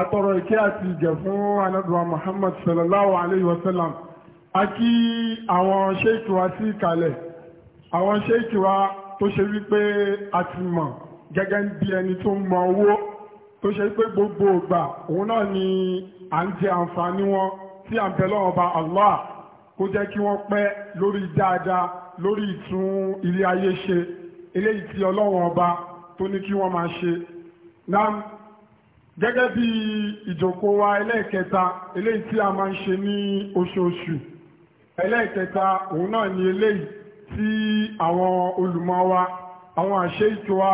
atọrọ ìkẹ́ àti ìjẹ̀ fún anádùá Muhammad sallallahu alayhi wa sallam a kí àwọn ṣéèkì wa sí ìkàlẹ̀ àwọn ṣéèkì wa tó ṣe wípé a ti mọ̀ gẹ́gẹ́ bí ẹni tó mọ owó tó ṣe pé gbogbo ìgbà òun náà ni à ń jẹ àǹfààní wọn tí à ń bẹ lọ́wọ́ bá Allah kó jẹ́ kí wọ́n pẹ́ lórí dáadáa lórí ìtún ilé ayé ṣe eléyìí tí ọlọ́wọ́n ọba tó ní kí wọ́n máa ṣe. náà gẹ́gẹ́ bí ìjòkó wa ẹlẹ́ẹ̀kẹta eléyìí tí a máa ń ṣe ní oṣooṣù ẹlẹ́ẹ̀kẹta òun náà ni eléyìí tí àwọn olùmọ̀ wa àwọn àṣẹ ìtò wa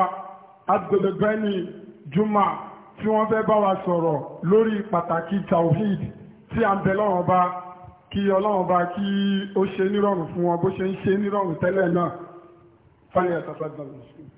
agbẹ̀dẹ̀gbẹ́ni juma tí wọ́n fẹ́ bá wa sọ̀rọ̀ lórí pàtàkì tawhid tí a ń bẹ lọ́wọ́ bá kí ọlọ́run bá kí ó ṣe nírọ̀rùn fún wọn bó ṣe ń ṣe nírọ̀rùn tẹ́lẹ̀ náà fáyẹ̀ tàbí àgbàlẹ̀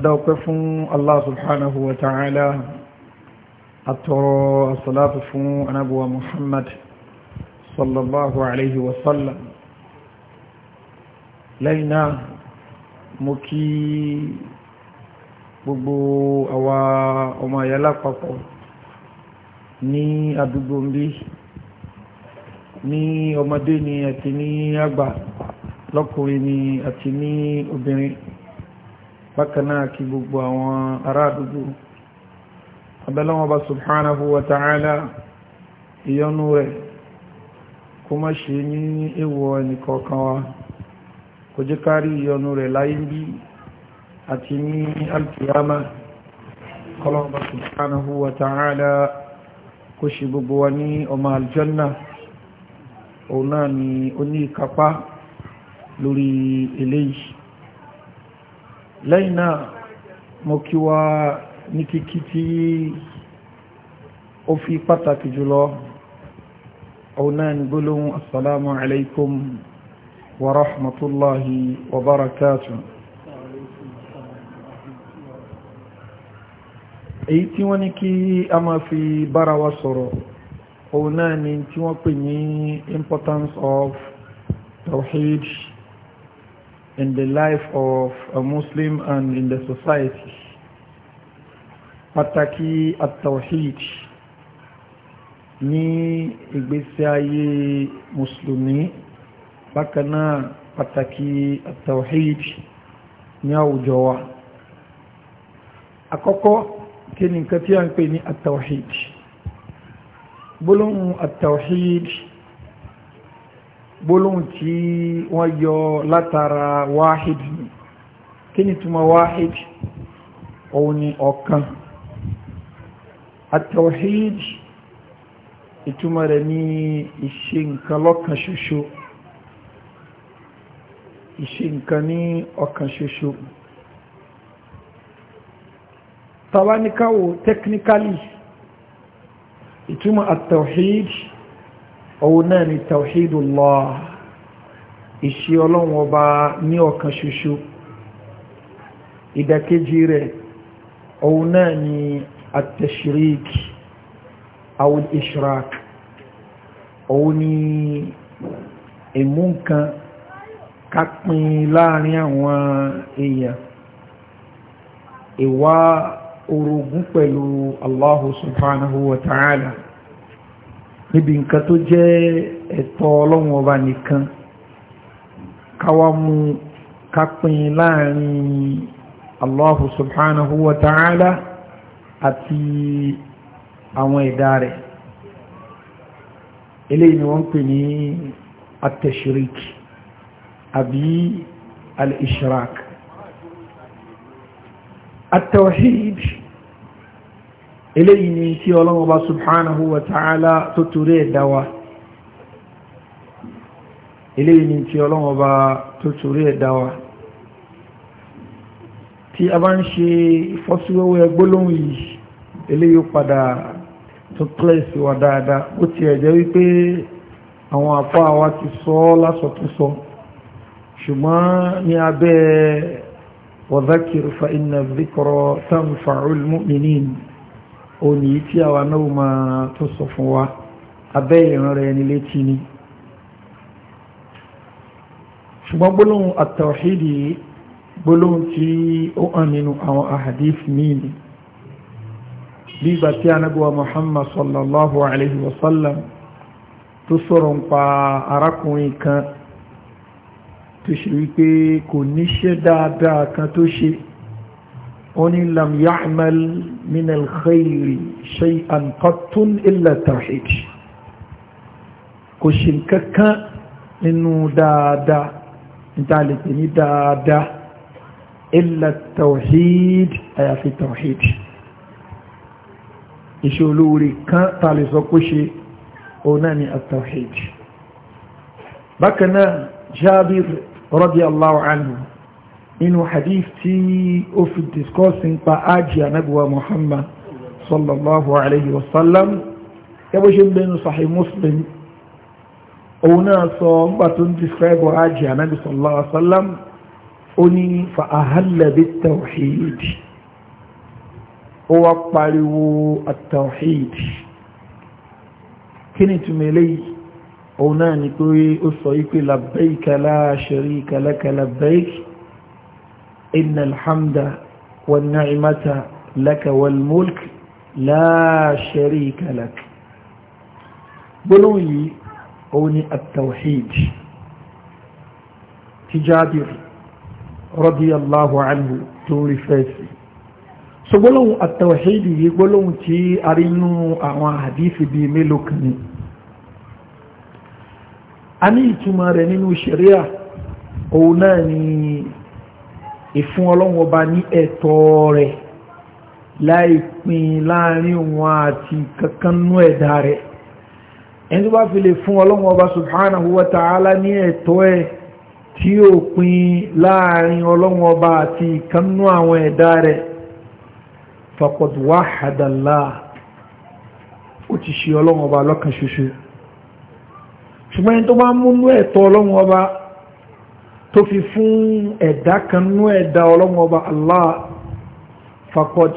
adáwọ̀pẹ́ fún Allah subhanahu wa ta'ala àtọrọ asàlátù fún anábúwa Muhammad sallallahu alaihi wasallam lẹ́yìn náà mú kí gbogbo àwa ọmọ ayẹ́lá papọ̀ ní àdúgbò mbí ní ọmọdé ni àti ní àgbà lọ́kùnrin ni àti ní obìnrin bákanáà kí gbogbo àwọn ará àdúgbò abẹ́lọ́wọ́n bá subhanahu wa ta'ala ìyọnú rẹ̀ kó má ṣe ní èwọ̀ ẹnìkọ̀ọ̀kan wa kò jẹ́ kárí ìyọnú rẹ̀ láyé bí àti ní alkiyama kọlọ́wọ́n bá subhanahu wa ta'ala kó ṣe gbogbo wa ní ọmọ aljanna òun náà ni ó ní ìkápá lórí eléyìí lẹ́yìn náà mo kí wa ní kíkí tí ó fi pàtàkì jùlọ òun náà assalamu alaikum wa rahmatullahi wa barakatuh èyí tí wọ́n ní kí a máa fi bára wa sọ̀rọ̀ òun ni tí wọ́n pè ní importance of tawhid in the life of a Muslim and in the society. Pàtàkì at-tawhid ní ìgbésí ayé Mùsùlùmí, bákan náà pàtàkì at-tawhid ní àwùjọ wa. Àkọ́kọ́ kí ni nǹkan bakana pataki a ń akoko kini ni ní at-tawhid? Gbólóhùn at-tawhid. gbólóhùn tí wọ́n yọ látara wáhid ni kí ni túnmọ̀ wáhid òun ni ọ̀kan àtọ̀híd ìtumọ̀ rẹ̀ ní ìṣe nǹkan lọ́kan ṣoṣo ìṣe nǹkan ní ọ̀kan ṣoṣo tàbáníkàwò technically ìtumọ̀ àtọ̀híd òun náà ni tawhidullah ìṣe ọlọ́run ọba ní ọ̀kan ṣoṣo ìdàkejì rẹ̀ òun náà ni at-tashrik aw al-ishrak òun ni ìmú nǹkan kápin láàrin àwọn èèyàn ìwà orogún pẹ̀lú Allahu subhanahu wa ta'ala níbi nǹkan tó jẹ́ ẹ̀tọ́ ọlọ́run ọba nìkan káwá mú kápín láàrin Allahu subhanahu wa ta'ala àti àwọn ẹ̀dá rẹ̀ eléyìí ni wọ́n pè ní at àbí al-ishrak at eléyìí ni tí ọlọ́wọ́ bá subhanahu wa ta'ala tó torí ẹ̀dá wa eléyìí ni tí ọlọ́wọ́ bá tó torí ẹ̀dá wa tí a bá ń ṣe ìfọ́síwẹ́wẹ́ gbólóhùn yìí eléyìí padà tó kílẹ̀sì wa dáadáa ó ti ẹ̀jẹ́ wípé àwọn àpá wa ti sọ lásọtúnsọ ṣùgbọ́n ní abẹ́ wa dhakir fa inna òní tí àwa náà máa tó sọ fún wa abẹ́ ìran rẹ̀ ní létí ni ṣùgbọ́n gbólóhùn àtàwàhídì gbólóhùn tí ó hàn nínú àwọn ahadith míì bí ìgbà tí anábíwa muhammad sallallahu alaihi wasallam tó sọ̀rọ̀ ń pa arákùnrin kan tó ṣe wípé kò níṣẹ́ dáadáa kan tó ṣe oni lam ya'mal min al-khayri shay'an qattun illa tawhid kò ṣe kankan nínú dáadáa níta lè pè ní dáadáa illa tawhid àyàfi tawhid iṣẹ́ olóore kan ta sọ kó ṣe òun ni at-tawhid bákan náà Jabir radiyallahu nínú hadith tí ó fi discourse ń pa ájì anábíwa muhammad sallallahu alayhi wa sallam yabo ṣe ń bẹnu sahih muslim òun náà sọ ń bá tó ń describe ájì anábí sallallahu alayhi wa sallam ó ní fa ahalla bit tawhid ó wá pariwo at kí ni túnmọ̀ eléyìí òun náà ni pé ó sọ yí pé labbaika la sharika laka labbaika إن الحمد والنعمة لك والملك لا شريك لك بلوي أوني التوحيد تجابر رضي الله عنه توري فاسي so gbólóhùn àtàwàṣẹ́dì yìí gbólóhùn tí a rí nú àwọn àdífì bíi mélòó kan ní a ní ìtumọ̀ rẹ̀ nínú ṣẹ̀ríà òun náà ni ìfún ọlọ́run ọba ní ẹ̀tọ́ rẹ̀ láìpín láàrin wọn àti kankanú ẹ̀dá rẹ̀ ẹni tó bá fi lè fún ọlọ́run ọba subhanahu wa ta'ala ní ẹ̀tọ́ ẹ̀ tí ó pín láàrin ọlọ́run ọba àti kankanú àwọn ẹ̀dá rẹ̀ faqad tó fi fún ẹ̀dá kanú ẹ̀dá ọlọ́run ọba Allah fakọ́j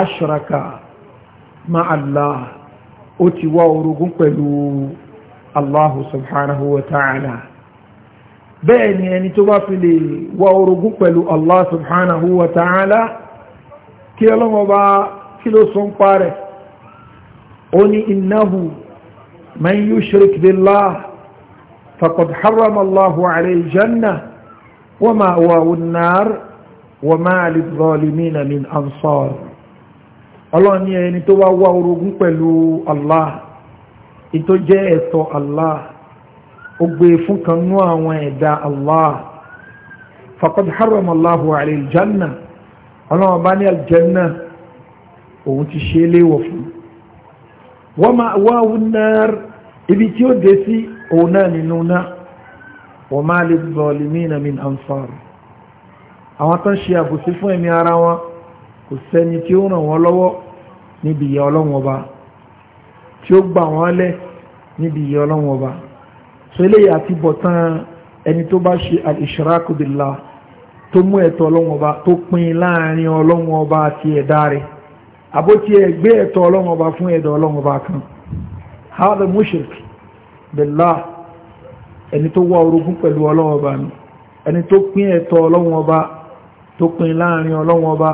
ashraka ma Allah ó ti wá orogún pẹ̀lú Allah subhanahu wa ta'ala bẹ́ẹ̀ ni ẹni tó bá fi lè wá orogún pẹ̀lú Allah subhanahu wa ta'ala kí ọlọ́run kí ló sọ ń ó ní innahu man yushrik billah فقد حرم الله عليه الجنة ومأواه النار وما للظالمين من أنصار ọlọ́run ní ẹni tó wá wá orogún pẹ̀lú allah ìtó jẹ́ ẹ̀tọ́ allah ó gbé fún kan nú àwọn ẹ̀dá allah faqad harram allahu alayhi aljanna ọlọ́run bá ní aljanna òun ti ṣe léwọ̀ fún wa ma'wahu an-nar ibi tí ó dé sí òun náà nínú náà wọ́n máa lè zalimina min ansar àwọn tó ń ṣe àbòsí fún ẹ̀mí ara wọn kò sẹ́ni tí ó ràn wọ́n lọ́wọ́ níbi ìyà ọlọ́wọ́n ọba tí ó gbà wọ́n lẹ̀ níbi ìyà ọlọ́wọ́n ọba so eléyìí àti bọ̀tán ẹni tó bá ṣe al-ishraku tó mú ẹ̀tọ́ ọlọ́wọ́n ọba tó pín láàrin ọlọ́wọ́n ọba àti ẹ̀dá rẹ̀ àbótiẹ̀ gbé ẹ̀tọ́ ọlọ́wọ́n ọba fún ẹ̀dọ̀ ọlọ́wọ́n ọba kan hadha mushrik billah ẹni tó wá orogún pẹ̀lú ọlọ́run ọba mi ẹni tó pín ẹ̀tọ́ ọlọ́run ọba tó pín láàrin ọlọ́run ọba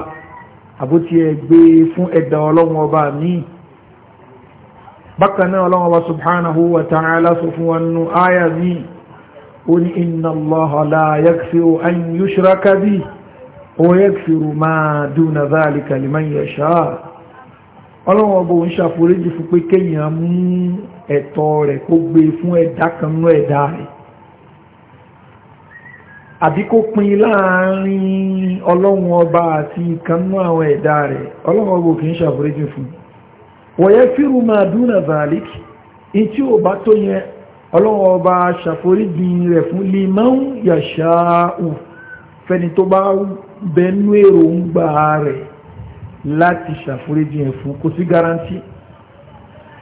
àbótí ẹ gbé fún ẹ̀dá ọlọ́run ọba mi bákan náà ọlọ́run ọba subhanahu wa ta'ala sọ fún wa nínú áyà ní inna allaha la yaghfiru an ọlọ́wọ́ ọba òun ṣàforíjì fún pé kéèyàn mú ẹ̀tọ́ rẹ̀ kó gbé fún ẹ̀dá kan ẹ̀dá rẹ̀ àbí kó láàrin ọba àti ìkanú àwọn ẹ̀dá rẹ̀ ọlọ́wọ́ kì ṣàforíjì fún wọ̀yẹ́ fírù máa dúnà zàlíkì in tí ò bá tó yẹn ọlọ́wọ́ ọba ṣàforíjì rẹ̀ fún fẹni láti ṣàforíjì ẹ̀ fún kò sí garanti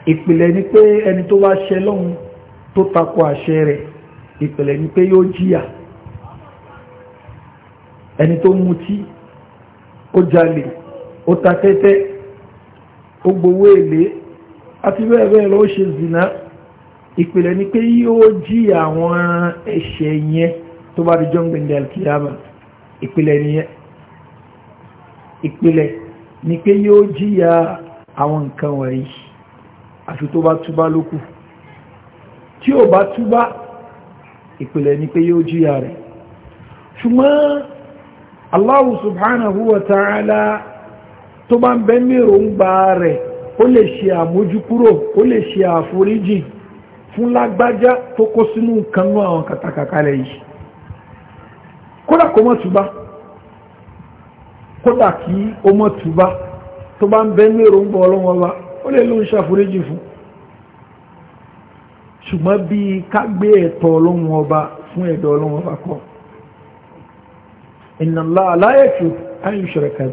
ìpìlẹ̀ ni pé ẹni tó wá ṣẹ lọ́hun tó takò àṣẹ rẹ̀ ìpìlẹ̀ ni pé yóò jìyà ẹni tó mutí ó jalè ó ta tẹ́tẹ́ ó gbowó èlé àti bẹ́ẹ̀ bẹ́ẹ̀ lọ ó ṣe zìnà ìpìlẹ̀ ni pé yóò jìyà àwọn ẹ̀ṣẹ̀ yẹn tó bá di jọ́ngbẹ̀ndẹ̀ alkiyama ìpìlẹ̀ nìyẹn ìpìlẹ̀ ni pé yóò jíyà àwọn nǹkan wọ̀nyí àti tó bá túbá lókù tí ò bá túbá ìpìlẹ̀ ni pé yóò jíyà rẹ̀ ṣùgbọ́n Allah subhanahu wa ta'ala tó bá ń bẹ mẹ́rọ ń gba rẹ̀ ó lè ṣe àmójúkúrò ó lè ṣe àforíjì fún lágbájá tó kó sínú nǹkan àwọn kàtàkàkalẹ̀ yìí kódà kó mọ́ túbá kódà kí ó mọ́ túbá tó bá ń bẹ ní èròǹgbà ọlọ́wọ́ wa ó lè ló ń ṣàforíjì fún ṣùgbọ́n bí ká gbé ẹ̀tọ́ ọlọ́wọ́ ọba fún ẹ̀dọ́ ọlọ́wọ́ ọba kọ́ inna Allaha la yaghfiru an yushraka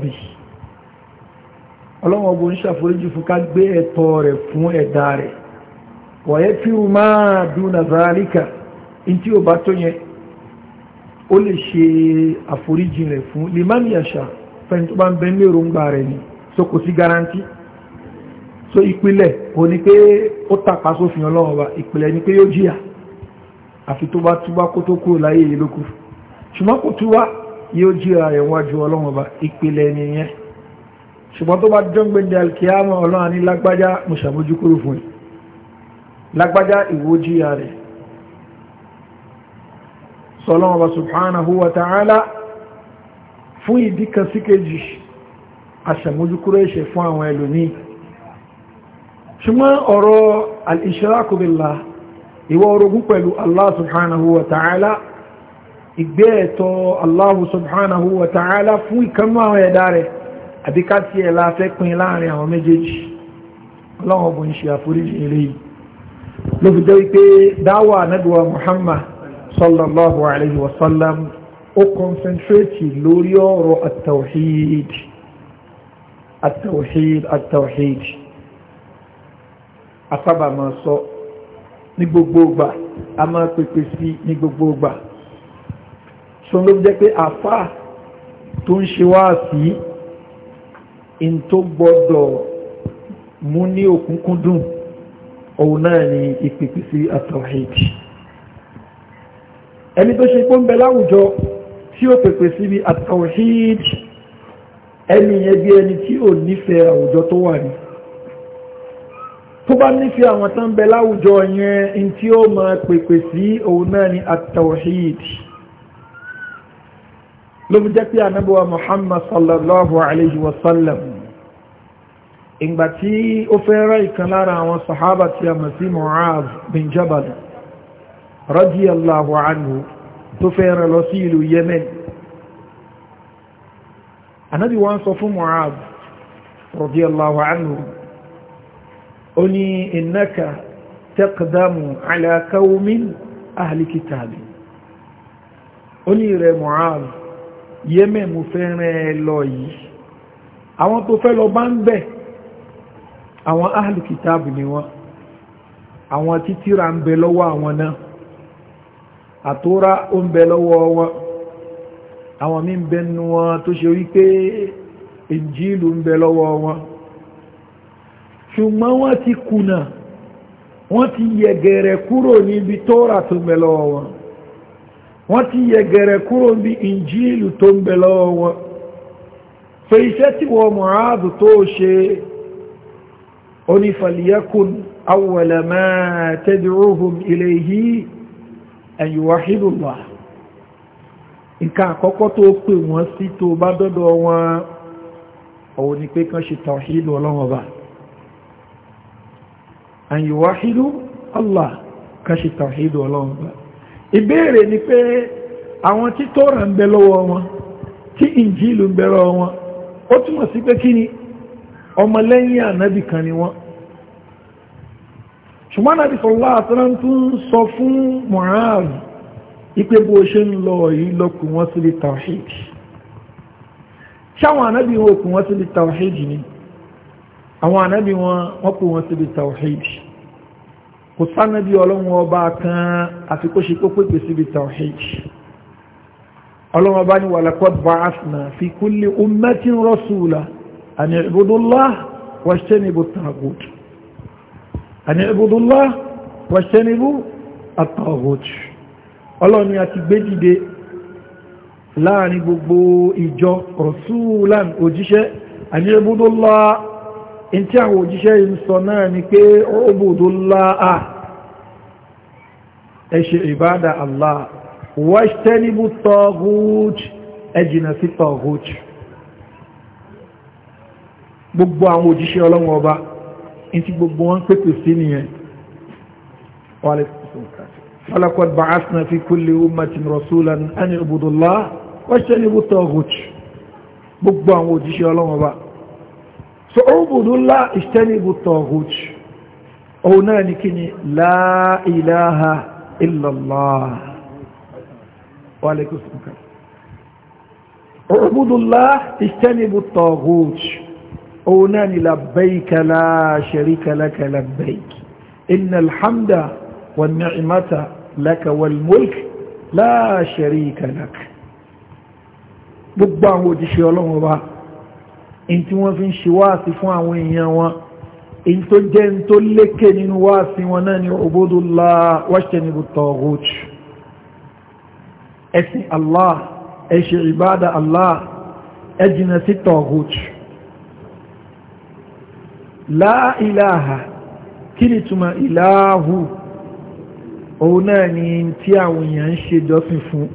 ọlọ́wọ́ ọba ń ṣàforíjì fún ká gbé ẹ̀tọ́ rẹ̀ fún ẹ̀dá rẹ̀ wa yaghfiru ma duna zalika ntí ò bá tó yẹn ó lè ṣe àforíjì rẹ̀ fún liman yasha fẹ́ni tó bá ń bẹ ní èròǹgbà rẹ̀ ni so kò sí garanti so ìpìlẹ̀ kò ní pé ó tàpá sófin ọlọ́run ọba ìpìlẹ̀ ni pé yóò jìyà àfi tó bá túbá kó tó kúrò láyé yìí lókù ṣùgbọ́n kò túwá yóò jìyà rẹ̀ wájú ọlọ́run ọba ìpìlẹ̀ nìyẹn ṣùgbọ́n tó bá jọ́ngbẹ̀dẹ̀ alkiyama ọlọ́run ní lágbájá mo kúrò fún yìí fún ìdí kan sí kejì aṣàmójúkúrò ẹ̀ṣẹ̀ fún àwọn ẹlòmí ṣùgbọ́n ọ̀rọ̀ al-ishraku billah ìwọ orogún pẹ̀lú Allah subhanahu wa ta'ala ìgbé ẹ̀tọ́ Allah subhanahu wa ta'ala fún ìkanú àwọn ẹ̀dá rẹ̀ àbíkátí ẹ̀lá fẹ́ pín láàrin àwọn méjèèjì ọlọ́wọ́ bó ń ṣe alaihi wasallam ó concentrate lórí ọ̀rọ̀ at-tawhid at-tawhid at-tawhid àtàbà máa sọ ní gbogbo ọgbà a máa pèpè sí ní gbogbo ọgbà ṣùgbọ́n ló jẹ́ pé àfá tó ń ṣe wá sí in tó gbọ́dọ̀ mú ní òkúnkúndùn òun náà ni ìpèpè sí at ẹni tó ṣe pọ́ ń bẹ láwùjọ tí ó pèpè síbi at-tawhid ẹni yẹn bí ẹni tí ò nífẹ̀ẹ́ àwùjọ tó wà ní tó bá nífẹ̀ẹ́ àwọn tán bẹ láwùjọ yẹn in tí ó máa pèpè sí òun náà ni at ló fi jẹ́ pé anábọ̀wá Muhammad sallallahu alayhi wa sallam ìgbà tí ó fẹ́ rẹ̀ ìkan lára àwọn sahaba tí a mọ̀ sí bin Jabal radiyallahu anhu tó fẹ́ lọ sí ìlú Yemen anábi wọ́n sọ fún Mu'adh radiyallahu anhu ó ní innaka taqdamu ala qawmin ahli kitabi ó ní rẹ̀ Mu'adh Yemen mo fẹ́ lọ yìí àwọn tó fẹ́ lọ bá ń bẹ̀ àwọn ahli kitabi ni wọ́n àwọn títí ń bẹ lọ́wọ́ àwọn náà àtúrà o ń bẹ lọ́wọ́ wọn àwọn mí ń bẹ wọn tó ṣe wípé ìjìlù ń bẹ lọ́wọ́ wọn ṣùgbọ́n wọ́n ti kùnà wọ́n ti yẹ̀gẹ̀rẹ̀ kúrò níbi tóra tó ń bẹ lọ́wọ́ wọn wọ́n ti yẹ̀gẹ̀rẹ̀ ń bẹ wọn wọ́n tó an yuwahhidullah nǹkan àkọ́kọ́ tó pè wọ́n sí tó bá dọ́dọ̀ wọn ọ̀wọ̀ ni pé kan ṣe tawhidu ọlọ́run ọba an yuwahhidu ṣe ìbéèrè ni pé àwọn tí Tórà ń bẹ lọ́wọ́ wọn tí Injílù ń bẹ lọ́wọ́ wọn ó sí pé kí ni ọmọlẹ́yìn ànábì ni wọ́n ṣùgbọ́n àti sọ̀lá àtàrán tó ń sọ fún Mu'adh ipé bó ṣe ń lọ yìí lọ́kùn wọ́n sí lè tawhid ṣáwọn ànábì wọn òkùn wọ́n sí lè tawhid ni àwọn ànábì wọn wọ́n kù wọ́n sí lè tawhid kò sánàbí ọlọ́run ọba kan àti kó ṣe kó lè tawhid ọlọ́run ọba ni walaqad ba'athna fi kulli ummatin rasula an i'budu Allah àní ibùdúlá wẹ̀ṣẹ́nibú àtàwòtù ọlọ́ni àti gbé dìde láàrin gbogbo ìjọ rọ̀súlán òjíṣẹ́ àní ibùdúlá in tí àwọn òjíṣẹ́ yìí sọ náà ni pé ibùdúlá à ẹ̀ṣẹ̀ ìbádà Allah wẹ̀ṣẹ́nibú tọ́gùtù ẹjìnà sí tọ́gùtù gbogbo àwọn òjíṣẹ́ ọlọ́wọ́ ọba in ti gbogbo wọn pèpè sí nìyẹn falakọt ba'asna fi kulli ummatin rasulan an ibudullah wajtanibu taghut gbogbo àwọn òjíṣẹ́ ọlọ́wọ́n bá so ibudullah ijtanibu taghut òun náà ní kí ni la ilaha illallah wàlẹ́kùsùnkà ibudullah ijtanibu taghut òun náà ni labbaika la sharika laka labbaik innal hamda wan ni'mata laka wal mulk la sharika laka gbogbo àwọn òjíṣẹ́ ọlọ́run ọba in tí wọ́n fi ń ṣe wáàsí fún àwọn èèyàn wọn in tó jẹ́ in tó lékè nínú wáàsí wọn náà ni ubudullah wajtanibu taghut ẹ̀sìn Allah ẹ ṣe Allah ẹ sí taghut láìláha kí ni túnmọ̀ ìláhù òun náà ni tí àwọn èèyàn ń ṣe jọ́sìn fún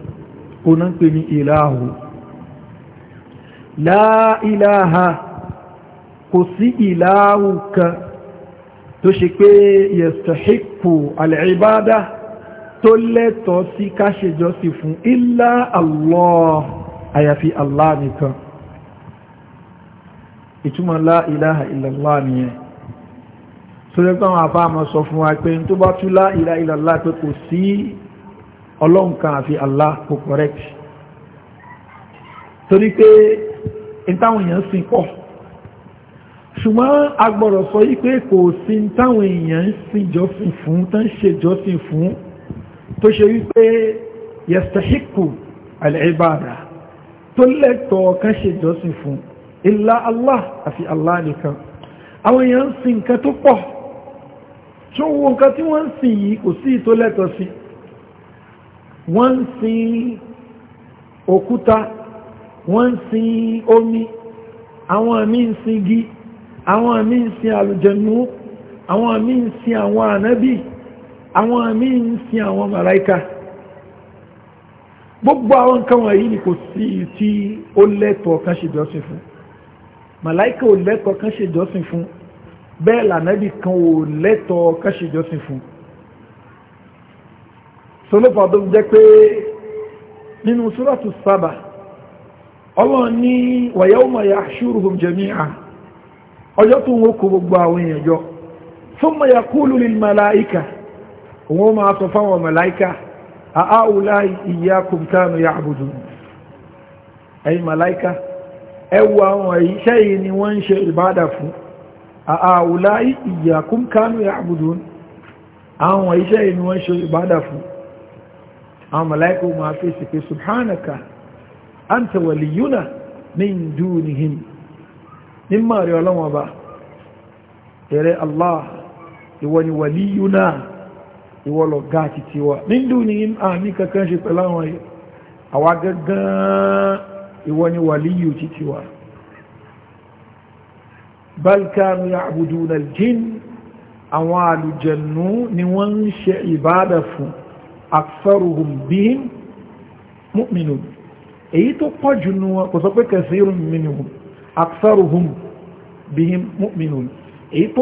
òun náà ń pè ní ìláhù láìláha kò sí ìláhù kan tó ṣe pé yẹ̀sọ̀hípù al'ibada tó lẹ́tọ̀ọ́ sí káṣe jọ́sìn fún ilá Allah àyàfi Allah nìkan ìtumọ̀ la ilaha illallah nìyẹn sórí pé àwọn àfáàmọ́ sọ fún wa pé tó bá tú la ilaha illallah pé kò sí ọlọ́run kan àfi Allah kò correct torí pé ìtawọn èèyàn sìn pọ̀ ṣùgbọ́n a gbọ́dọ̀ sọ yí pé kò sí táwọn èèyàn ń jọ́sìn fún tán ṣe jọ́sìn fún tó ṣe wípé yastahiku al-ibada tó lẹ́tọ̀ọ́ kan ṣe jọ́sìn fún illa Allah àfi Allah nìkan àwọn èèyàn ń sin nǹkan tó pọ̀ tó wo nǹkan tí wọ́n ń sin yìí kò sí ìtó lẹ́tọ̀ sí wọ́n ń sin òkúta wọ́n ń sin omi àwọn àmì ń sin igi àwọn àmì ń sin àlùjẹ̀nú àwọn àmì ń sin àwọn ànábì àwọn àmì ń sin àwọn màláíkà gbogbo àwọn nǹkan wọ̀nyí ni kò sí tí ó lẹ́tọ̀ kan ṣe jọ́sìn fún màláìkà ò lẹ́tọ̀ọ́ kán ṣe jọ́sìn fún bẹ́ẹ̀ lànàbì kan ò lẹ́tọ̀ọ́ kán ṣe jọ́sìn fún solópa tó jẹ́ pé nínú súrọ́tù sábà ọlọ́run ní wa yawma yahshuruhum jami'a ọjọ́ tó ń kó gbogbo àwọn èèyàn jọ thumma yaqulu lil màláìkà òun máa sọ fáwọn màláìkà àáwùlá iyyakum kanu ya'budun ẹ̀yin màláìkà ẹwọ àwọn iṣẹ́ yìí ni wọ́n ń ṣe ìbádà fún ààwùlá ìyàkún kánú ya àbùdún àwọn iṣẹ́ yìí ni wọ́n ṣe ìbádà fún àwọn mọ̀láíkò ma fi sì pé subhanaka an ta waliyuna min dunihim nímọ̀ ní kankan ṣe pẹ̀lú ìwọ ni wàlíyù títí wa balkanu ya'buduna al-jinn àwọn àlùjẹ̀nú ni wọ́n ń ṣe ìbádà fún aktharuhum bihim mu'minun èyí tó pọ̀ jù nù wọn kò sọ pé kathirun minhum aktharuhum bihim mu'minun èyí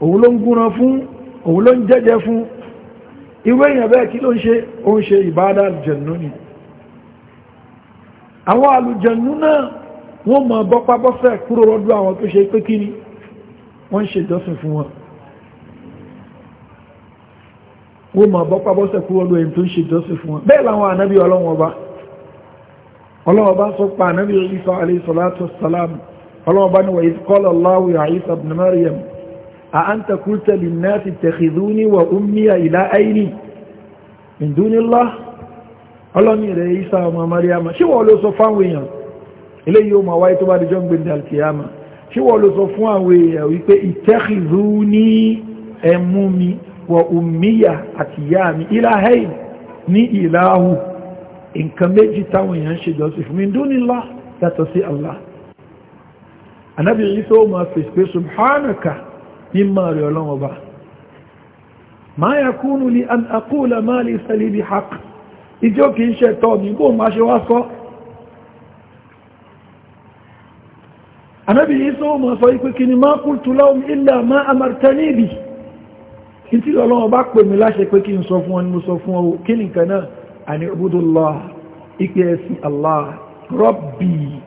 òun ló ń gúnran fún òun ló ń jẹ́jẹ́ fún irú èyàn bẹ́ẹ̀ kí ló ń ṣe ó ń ṣe ìbádá àlùjànnú ni àwọn àlùjànnú náà wọ́n mọ̀ bọ́pábọ́fẹ́ kúrò rọ́dú àwọn tó ṣe pé kí ni wọ́n ń ṣe ìjọsìn fún wọn wọ́n mọ̀ bọ́pábọ́fẹ́ kúrò rọ́dú ẹni tó ń ṣe ìjọsìn fún wọn bẹ́ẹ̀ làwọn ànábì ọlọ́wọ́n ọba ọlọ́wọ́n ọba sọ pa ànábì أأنت قلت للناس اتخذوني وأمي إلى أين من دون الله ọlọ́ni rẹ̀ isa ọmọ mariama ṣí wọ́n ló sọ fún àwọn èèyàn ilé yíò ma wáyé tó bá dìjọ́ ń gbé ní alkiyama ṣí wọ́n ló sọ fún àwọn èèyàn wípé itakhizuni ẹmú mi wa ummiya àti ìyá mi ilahayn ní ìlàáhù nǹkan méjì táwọn èèyàn ṣe jọ́sìn fún min dunillah yàtọ̀ sí Allah anábìyí tó máa fèsì pé subhanaka mímọ̀ rẹ̀ ọlọ́run ọba ma yakunu li an aqula ma laysa li bi haqq ìjọ kì í ṣẹ̀tọ́ mi bó ma ṣe wá sọ anábì Ìsá ó mọ̀ sọ ipé kí ni ma qultu lahum illa ma amartani bi ìtí ọlọ́run pè mí láṣẹ pé kí n sọ fún ọ sọ fún ọ kí nìkan náà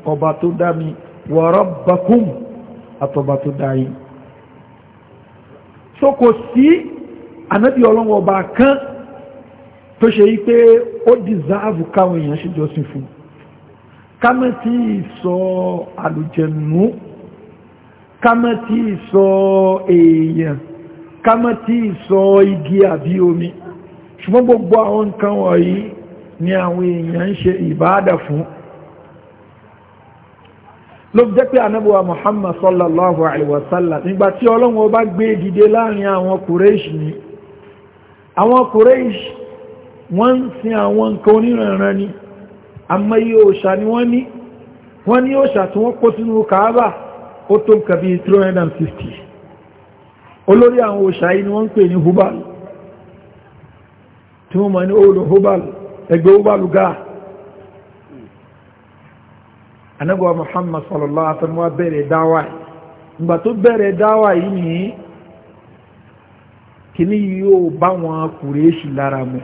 ọba tó dá yìí so kò sí ànábì ọlọ́wọ́ ọba kan tó ṣe yí pé ó dìsáàvù káwọn èèyàn ṣe jọ́sìn fún kámẹ́tì sọ àlùjẹ̀nù kámẹ́tì sọ èèyàn kámẹ́tì sọ igi àbí omi ṣùgbọ́n gbogbo àwọn nǹkan wọ̀nyí ni àwọn èèyàn ń ṣe ìbáadà fún ló jẹ́ pé anábọ̀wá muhammad sallallahu alaihi wa sallam nígbà tí ọlọ́run ọba gbé dìde láàrin àwọn kùrẹ́ṣì ni àwọn kùrẹ́ṣì wọ́n ń sin àwọn nǹkan oníranran ni àmọ́ iye òòṣà ni wọ́n ní wọ́n ní òòṣà tí wọ́n kó sínú kaaba ó tó nǹkan bí olórí àwọn òòṣà yìí ni wọ́n ń pè ní hubal tí wọ́n mọ̀ ní oòrùn hubal ẹgbẹ́ hubal gáà anagba muhammad sallallahu alaihi wasallam wa bẹ̀rẹ̀ dáwà ìgbà tó bẹ̀rẹ̀ dáwà yìí ni kìíní yóò bá wọn kùrẹ́ṣì lára mu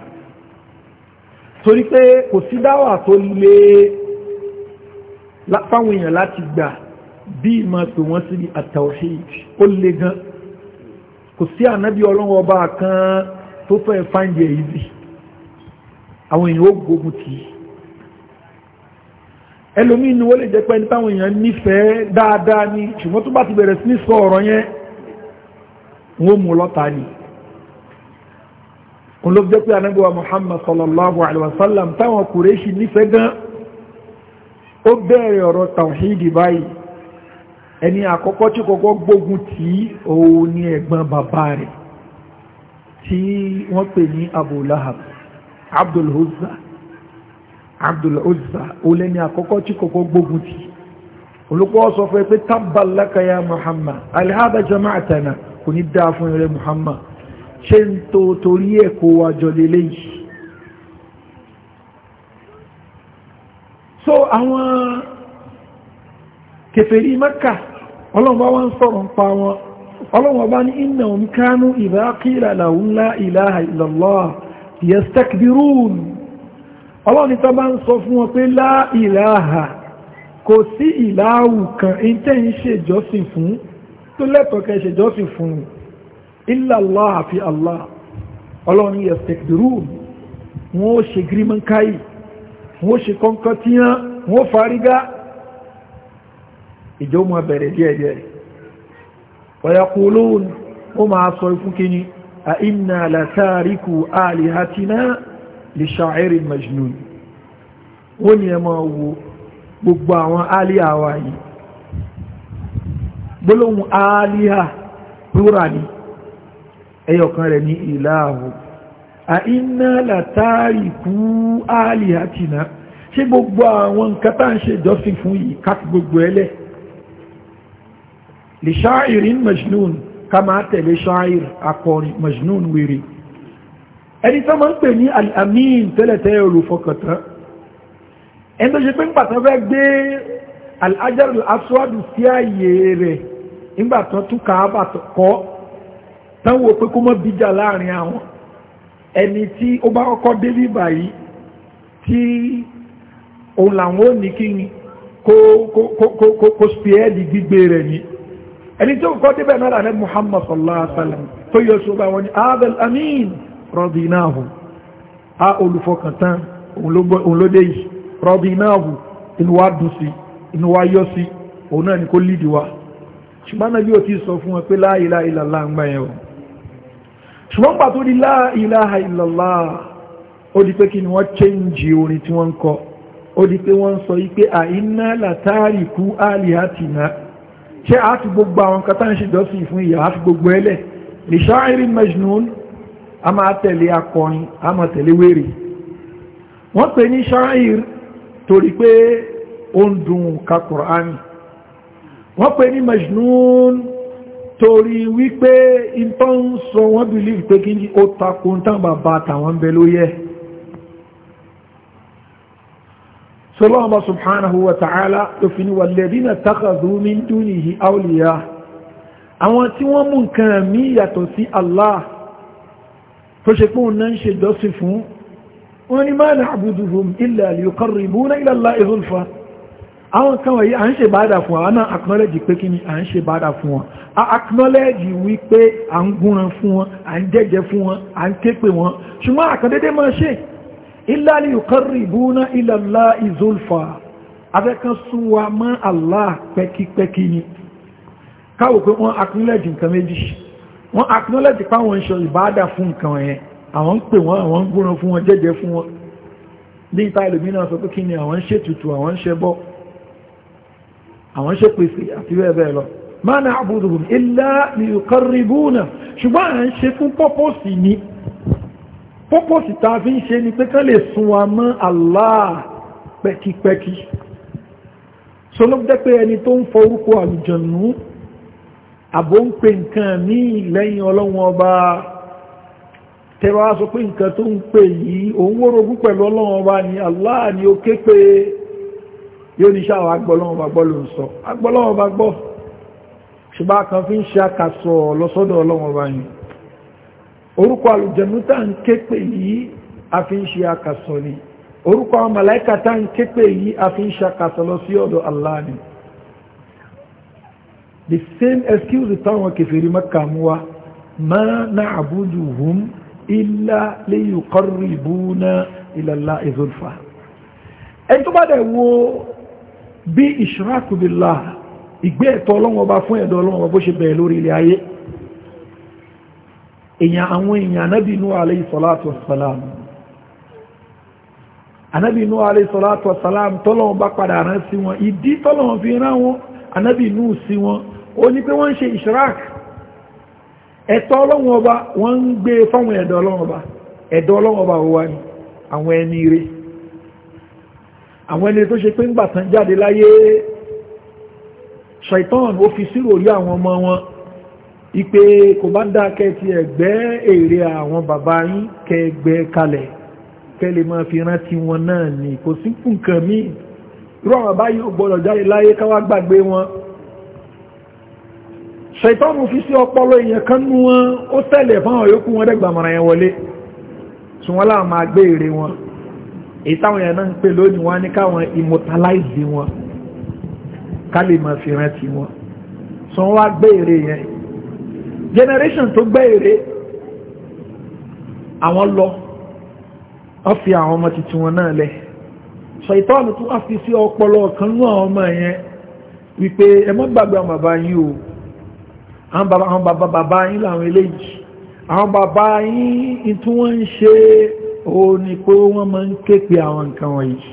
torí pé kò sí dáwà tó lé fáwọn èèyàn láti gbà bí ìmọ̀ pé wọ́n sí at-tawhid ó lé gan àwọn èèyàn ó gbógun tì ẹlòmí ni wọ́n lè jẹ́ pé ẹni táwọn èèyàn nífẹ̀ẹ́ dáadáa ni ṣùgbọ́n tó bá ti bẹ̀rẹ̀ sí ní sọ ọ̀rọ̀ yẹn wọ́n mú lọ́ta ni òun ló jẹ́ pé anábíwá Muhammad sallallahu alaihi wasallam táwọn Kùrẹ́ṣì nífẹ̀ẹ́ gan ó bẹ̀rẹ̀ ọ̀rọ̀ tàwíìdì báyìí ẹni àkọ́kọ́ tí kọ́kọ́ gbógun tí òun ni ẹ̀gbọ́n bàbá rẹ̀ tí wọ́n pè ní Abu Lahab Abdul abdul uzza olè ní àkọ́kọ́ tí kọ́kọ́ gbógun ti olùkọ́ sọ fẹ́ pé tábàlákà ya muhammad alihada jama'atana kò ní dáa fún muhammad ṣe ń tó torí ẹ̀ kó jọ so àwọn kèfèrí maka ọlọ́wọ́ wọn sọ̀rọ̀ ń pa wọn ọlọ́wọ́ ní innahum kanu idha qila lahum la ilaha illallah yastakbirun ọlọ́ni tó bá ń sọ fún wọn pé láìláha kò sí ìlàáwù kan ìtẹ́ ń ṣèjọ́sìn fún tó lẹ́tọ̀ọ́ kẹ́ ṣèjọ́sìn fún ìlàlá àfi Allah ọlọ́ni yẹ̀sẹ̀kìdìrú wọn ó ṣe a inna la tariku alihatina lè ṣàìrì majnun wọ́n ni ẹ máa wo gbogbo àwọn alíhà wa yìí gbólóhùn alíhà plural ni ẹyọkan rẹ̀ ní ìlàáhù a iná látàrí kú alíhà tìna ṣe gbogbo àwọn nǹkan tá ń ṣe ìjọsìn fún yìí káàkì gbogbo ẹlẹ́ lè ṣàìrì majnun ká máa tẹ̀lé ṣàìrì akọrin majnun wèrè ẹni tó máa ń pè ní al-amin tẹ́lẹ̀tẹ́ olùfọkàntán ẹni tó ṣe pé ńgbà tán fẹ́ gbé al-hajar al-aswad sí ààyè rẹ̀ ńgbà tán tún kàábà kọ́ tán wo pé kó mọ́ bíjà láàrin àwọn ẹni tí ó bá kọ́kọ́ dé bíbà yìí tí òun làwọn ò ní kíni kó kó kó kó kó Muhammad sallallahu alaihi wa sallam tó yọ sọ́ba amin rọ́dínáhù a olùfọkàntán òun ló dé yìí rọ́dínáhù inú wa dùn sí inú wa yọ sí òun náà ni kó lídì wa ṣùgbọ́n náà bí o ti sọ fún wọn pé la ilaha illallah la ilaha illallah ó di pé kí ni wọ́n chẹ́ǹjì orin tí wọ́n ń kọ ó di pé wọ́n ń sọ wípé àìná látàrí kú àlìhàtìná ṣé a ti gbogbo àwọn kátà ń ṣe ìjọsìn ìyà a ti gbogbo ẹlẹ̀ li majnun a máa tẹ̀lé akọrin a máa tẹ̀lé wèrè wọ́n pè ní ṣááìr torí pé ó ń dùn ka kùránì wọ́n pè ní majnun torí wípé ìtọ́ ń sọ wọ́n believe pé kí ó takò ń tàn bàbá àtàwọn bẹ ló yẹ sọlọ́ọ̀bá subhanahu wa ta'ala òfin walladhina takhadhu min dunihi awliya àwọn tí wọ́n mú nǹkan mí yàtọ̀ sí Allah tó ṣe pé òun náà ń ṣe dọ́sìn fún wọn ni máa na'buduhum illa liyuqarribuna ila Allahi zulfa àwọn kan wọ̀nyí à ń ṣe bàdà fún wa náà acknowledge pé kí ni à ń ṣe bàdà fún wọn a acknowledge wípé à ń gúnran fún wọn à ń jẹ́jẹ́ fún wọn à ń ké pè wọn ṣùgbọ́n àkàndédé máa ṣe illa liyuqarribuna ila Allahi zulfa afẹ́kan súnwa mọ́ Allah pẹ́kípẹ́kí ni káwò pé wọ́n acknowledge nǹkan méjì wọ́n acknowledge páwọn ń ṣe ìbáadà fún nǹkan ẹ̀yẹn àwọn ń pè wọ́n àwọn ń gbóran fún wọn jẹ́jẹ́ fún wọn ní ìta ìlúmínà sọ pé kí ni àwọn ń ṣètùtù àwọn ń ṣe bọ́ àwọn ń ṣe pèsè àti bẹ́ẹ̀ bẹ́ẹ̀ lọ ma na'buduhum illa liyuqarribuna ṣùgbọ́n à ń ṣe fún pọ́pọ́sì ni pọ́pọ́sì ta fi ń ṣe ni pé kán lè sun wa mọ́ Allah pẹ́kipẹ́ki so ló jẹ́ pé ẹni tó ń fọ orúkọ àlùjọ̀nù àbò ń pè nǹkan ní lẹ́yìn ọlọ́run ọba tẹwàá sọ pé nǹkan tó ń pè yìí òun wórogún pẹ̀lú ọlọ́run ọba ni Allah ni ó ké pé yóò ní sáwọn agbọ́lọ́run ọba gbọ́ ló ń sọ agbọ́lọ́run ọba gbọ́ ṣùgbọ́n kan fi ń ni orúkọ àwọn màláìkà tá ń ké pè yìí a fi the same excuse táwọn kèfèrí Mẹ́kà mú wá ma na'buduhum illa liyuqarribuna ila Allahi zulfa ẹni tó bá dẹ̀ wo bí ishraku billah ìgbé ẹ̀tọ́ ọlọ́wọ́ bá fún ẹ̀dọ́ ọlọ́wọ́ bó ṣe bẹ̀rẹ̀ lórí ilẹ̀ ayé èyàn àwọn èyàn anábìnú alayhi salatu wassalam anabi inú bá padà rán sí wọn ìdí tọ́lọ́wọ́n fi rán wọn anabi sí wọn ó ní pé wọ́n ń ṣe ishrak ẹ̀tọ́ ọlọ́run ọba wọ́n ń gbé e fáwọn ẹ̀dọ́ ọlọ́run ọba ẹ̀dọ́ ọlọ́run ọba wà ní àwọn ẹni rẹ̀ àwọn ẹni tó ṣe pé ń gbàtàn jáde láyé shaitan ó fi sírò rí àwọn ọmọ wọn ipe kò bá dákẹ́ ti ẹ̀gbẹ́ èrè àwọn bàbá yín kẹgbẹ́ kalẹ̀ kẹlẹ̀ máa fi rántí wọn náà ní kò sí fún nǹkan míì irú àwọn báyìí ò gbọ́dọ̀ jáde láyé káwá gbàgbé wọn ṣaitọ́nù fi sí ọpọlọ èèyàn kan nú wọn ó tẹ̀lẹ̀ fáwọn yókù wọn dẹ́gbàmọ̀ràn yẹn wọlé tí wọ́n láà máa gbé èrè wọn èyí táwọn èèyàn náà ń pè lónìí wọn ní káwọn immortalize wọn ká lè fi rántí wọn tí wọ́n wá gbé èrè yẹn generation tó gbé èrè àwọn lọ wọ́n fi àwọn ọmọ tuntun wọn náà lẹ̀ ṣaitọ́nù tó wá fi sí ọpọlọ kan nú àwọn ọmọ yẹn wípé ẹ má gbàgbé ọmọ bá yín o àwọn bàbá bàbá yín láwọn eléyìí àwọn bàbá yín tí wọ́n ń ṣe o ní pé wọ́n máa ń képe àwọn nǹkan wọ̀nyí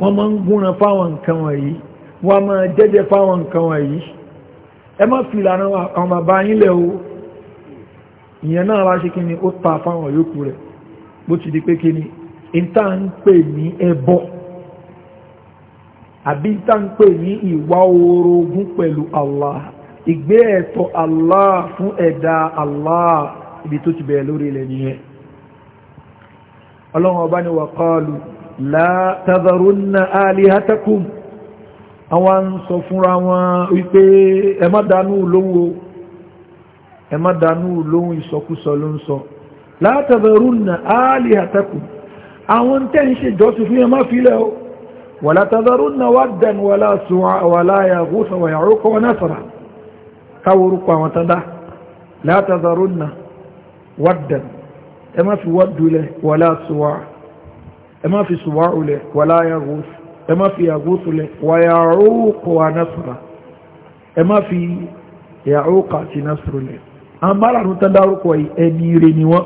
wọ́n máa ń gúnran fáwọn nǹkan wọ̀nyí wọ́n máa jẹ́jẹ́ fáwọn nǹkan wọ̀nyí ẹ má fi ìlànà àwọn bàbá yín lẹ̀ ni ó ta fáwọn ni ìta ń pè Allah ìgbé ẹ̀tọ́ Allah fún ẹ̀dá Allah ibi tó ti bẹ̀rẹ̀ lórí ilẹ̀ nìyẹn ọlọ́run ọba ni wa qalu la tadharunna alihatakum àwọn ń sọ fúnra wọn wípé ẹ má dánú lóhùn ẹ má dánú lóhùn ìsọkúsọ ló ń sọ la tadharunna alihatakum àwọn tẹ́ ń ṣe káworúkọ àwọn tán dá látàzàrónà wádàn ẹ má fi wádùlẹ̀ wàlá sùwà ẹ má fi sùwà ulẹ̀ wàlá yàgòsù ẹ má fi yàgòsù lẹ̀ wàyàrókò ànásùrà ẹ má fi yàrókò àti násùrù lẹ̀ àwọn bá làrún tán dárúkọ yìí ẹni ire ni wọ́n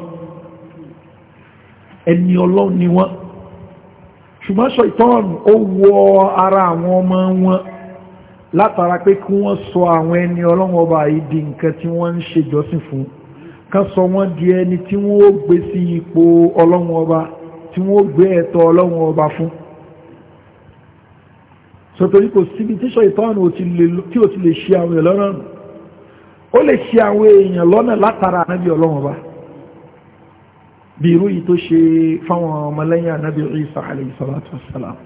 ẹni ọlọ́run ni wọ́n ṣùgbọ́n ṣọ ìtọ́rùn ó wọ ara àwọn ọmọ wọn látara pé kí wọ́n sọ àwọn ẹni ọlọ́wọ́ bá yìí di nǹkan tí wọ́n ń ṣe jọ́sìn fún kan sọ wọ́n di ẹni tí wọ́n ó gbé sí ipò ọlọ́wọ́ ọba tí wọ́n ó gbé ẹ̀tọ́ ọlọ́wọ́ ọba fún sọ̀tọ̀rí kò síbi tíṣọ́ ìtọ́nù tí ó ti lè ṣe àwọn èèyàn lọ́nà ó lè ṣe àwọn èèyàn lọ́nà látara ànábì ọlọ́wọ́n ọba bí irú yìí tó ṣe fáwọn ọmọlẹ́yìn ànábì Isa alayhi salatu wassalam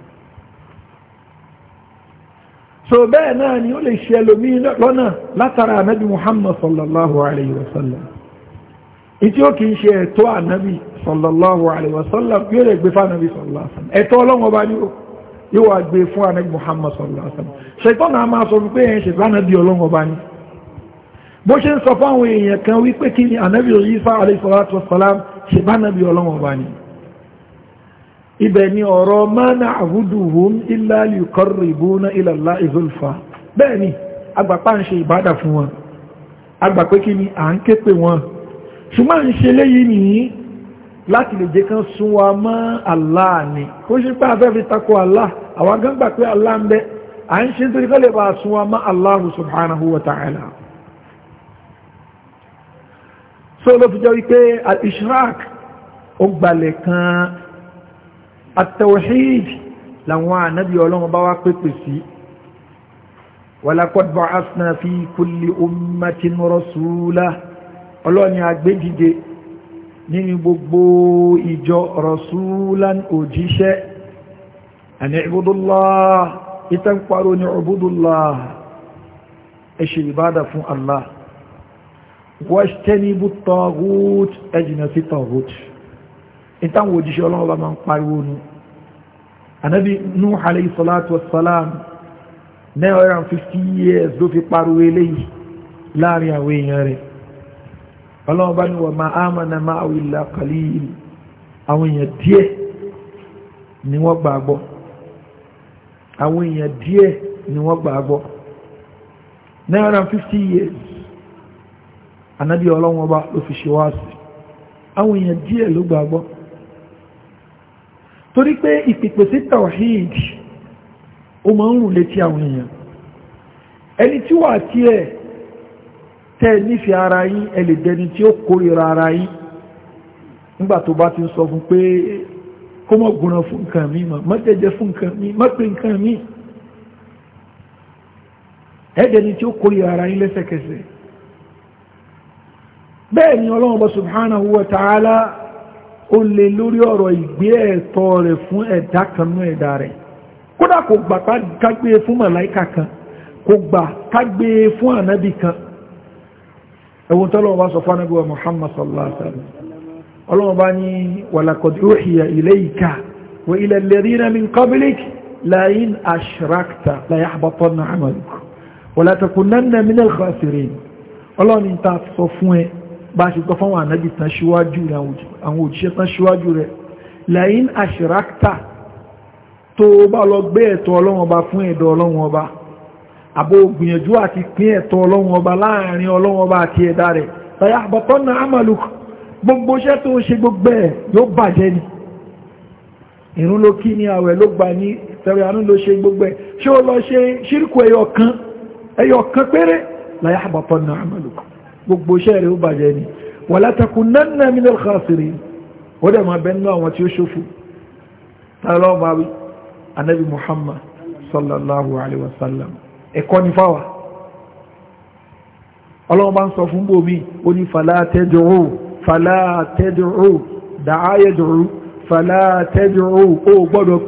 so bẹ́ẹ̀ náà ni ó lè ṣe ẹlòmí lọ́nà látara ànábì muhammad sallallahu alayhi wa sallam ìtí ó kìí ṣe ẹ̀tọ́ ànábì sallallahu alayhi wa sallam yóò lè gbé fún ànábì sallallahu alayhi wa sallam ẹ̀tọ́ ọlọ́wọ́ bá ní yóò wá gbé fún ànábì muhammad sallallahu alayhi wa sallam ṣètọ́ náà máa sọ wípé ẹ̀yẹn ṣètọ́ ṣe ibẹ̀ ni ọ̀rọ̀ mánà àwúdùhùn ilá yuqarribuna ila Allahi zulfa bẹ́ẹ̀ ni agbàpá ń ṣe ìbádà fún wọn agbàpé kí ni à ń ké pè wọn ṣùgbọ́n ń ṣe léyìí nìyí láti lè jẹ́ kán sún wa mọ́ Allah ni kó ṣe pé afẹ́ fi takò àwọn gan gbà pé Allah ń bẹ à ń ṣe nítorí kọ́lẹ̀ bá sún wa mọ́ Allah subhanahu wa ta'ala so ló fi jẹ́ wípé al-ishraq ó gbalẹ̀ kan at-tawhid làwọn ànábì ọlọ́run bá wá pépè sí walaqad ba'athna fi kulli ummatin rasula ọlọ́ni agbẹ́dìde nínú gbogbo ìjọ rasulan òjíṣẹ́ àni ibudullah ìtànkwaro ni ibudullah ẹ̀ṣẹ̀ ìbádà fún Allah wajtanibu at-taghut ẹjìnà sí taghut ìtàwọn òjíṣẹ́ ọlọ́run bá máa ń pariwo ní anábí salatu 950 years ló fi pariwo eléyìí láàrin àwọn èèyàn rẹ̀ ọlọ́run bá ní ma amana ma'ahu illa qalil àwọn èèyàn díẹ̀ ni wọ́n gbàgbọ́ àwọn èèyàn díẹ̀ ni wọ́n gbàgbọ́ 950 years anábí ló fi ṣe wá sí àwọn torí pé ìpìpèsè tawhid o máa ń rùn létí àwọn èèyàn ẹni tí wà tí ẹ tẹ́ nífẹ̀ẹ́ ara yín ẹ lè dẹni tí ó kórìíra ara yín nígbà tó bá ti ń sọ fún pé kó mọ̀ gùnà fún nǹkan mi mọ̀ jẹjẹ fún nǹkan mi mọ̀ pé nǹkan mi ẹ dẹni tí ó kórìíra ara yín lẹ́sẹ̀kẹsẹ̀ bẹ́ẹ̀ ni ọlọ́run bá subhanahu wa ta'ala ó lè lórí ọ̀rọ̀ ìgbé ẹ̀tọ́ rẹ̀ fún ẹ̀dá kan ní ẹ̀dá rẹ̀ kódà kò gbà kágbé e fún màláìkà kan kò gbà kágbé e fún ànábì kan ẹ̀wọ̀n tọ́lọ́wọ́ bá sọ fún ànábì wa Muhammad sallallahu alaihi wa sallam ọlọ́wọ́ bá ní walaqad uhiya ilayka wa ila alladhina min qablik la'in ashrakta la yahbatanna 'amaluk wa la takunanna ní ta sọ fún ẹ bá ṣe gbọ́ fáwọn ànábì tán ṣíwájú rẹ̀ àwọn òjíṣẹ́ tán ṣíwájú rẹ̀ lẹ́yìn àṣíráktà tó bá lọ gbé ẹ̀tọ́ ọlọ́run ọba fún ẹ̀dọ̀ ọlọ́run ọba àbò gbìyànjú àti pín ẹ̀tọ́ ọlọ́run ọba láàrin ọlọ́run ọba àti ẹ̀dá rẹ̀ tọ́yà àbọ̀tọ́ na amaluk gbogbo iṣẹ́ tó ṣe gbogbo ẹ̀ yóò bàjẹ́ ni ìrun ló kí ni àwẹ̀ ló gbà na amaluk gbogbo iṣẹ́ rẹ̀ ó bàjẹ́ ni wala takunanna minal khasirin ó dẹ̀ máa bẹ́ẹ̀ nú àwọn tí ó ṣòfò tààlọ́ máa wí anabi muhammad sallallahu alaihi wasallam ẹ̀kọ́ ni fáwà ọlọ́wọ́ bá ń sọ fún bòmí ó ní falatẹ́dùrú falatẹ́dùrú dááyẹ̀dùrú falatẹ́dùrú ó gbọ́dọ̀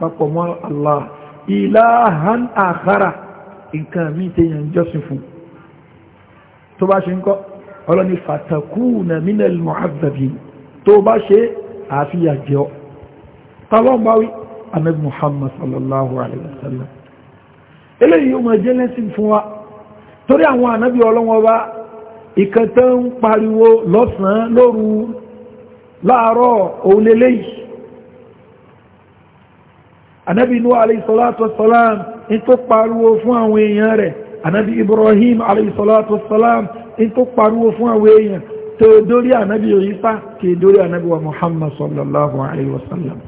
papọ̀ mọ́ allah ilahan akhara nǹkan mí tẹ́yàn jọ́sìn fún tó bá ṣe ń kọ́ ọlọ́ni fatakuna minal mu'azzabin tó bá ṣe àfíyà jẹ́ ọ tàbọ́n bá wí anabi muhammad sallallahu alaihi wasallam eléyìí o ma jẹ́ lẹ́sìn fún wa torí àwọn anabi ọlọ́wọ́ bá ìkẹta ń pariwo lọ́sàn-án lóru láàárọ̀ òun eléyìí anabi nuh alaihi salatu wassalam ní tó pariwo fún àwọn èèyàn rẹ̀ ànábì ibrahim aleyhisalatu wasalam in tó pariwo fún àwọn èèyàn tó dórí ànábì Ìsá kí dórí ànábì wa muhammad sallallahu alayhi wasallam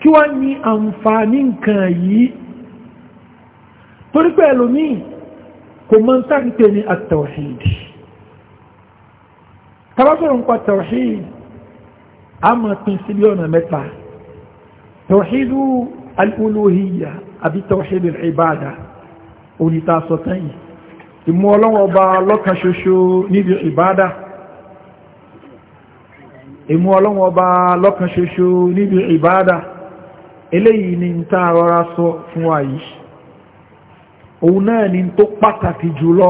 kí wá ní àǹfààní nǹkan yìí torí pé ẹlòmíì kò mọ́ ń tàbí ní àtàwàhídì tàbátọ̀rọ̀ ń al-uluhiyya oríta sọ̀tán yìí ìmú ọlọ́wọ́ ọba lọ́kan ṣoṣo níbi ìbádà ìmú ọlọ́wọ́ ọba lọ́kan ṣoṣo níbi ìbádà eléyìí ni ń tá rọra sọ fún wa yìí òun náà ni tó pàtàkì jùlọ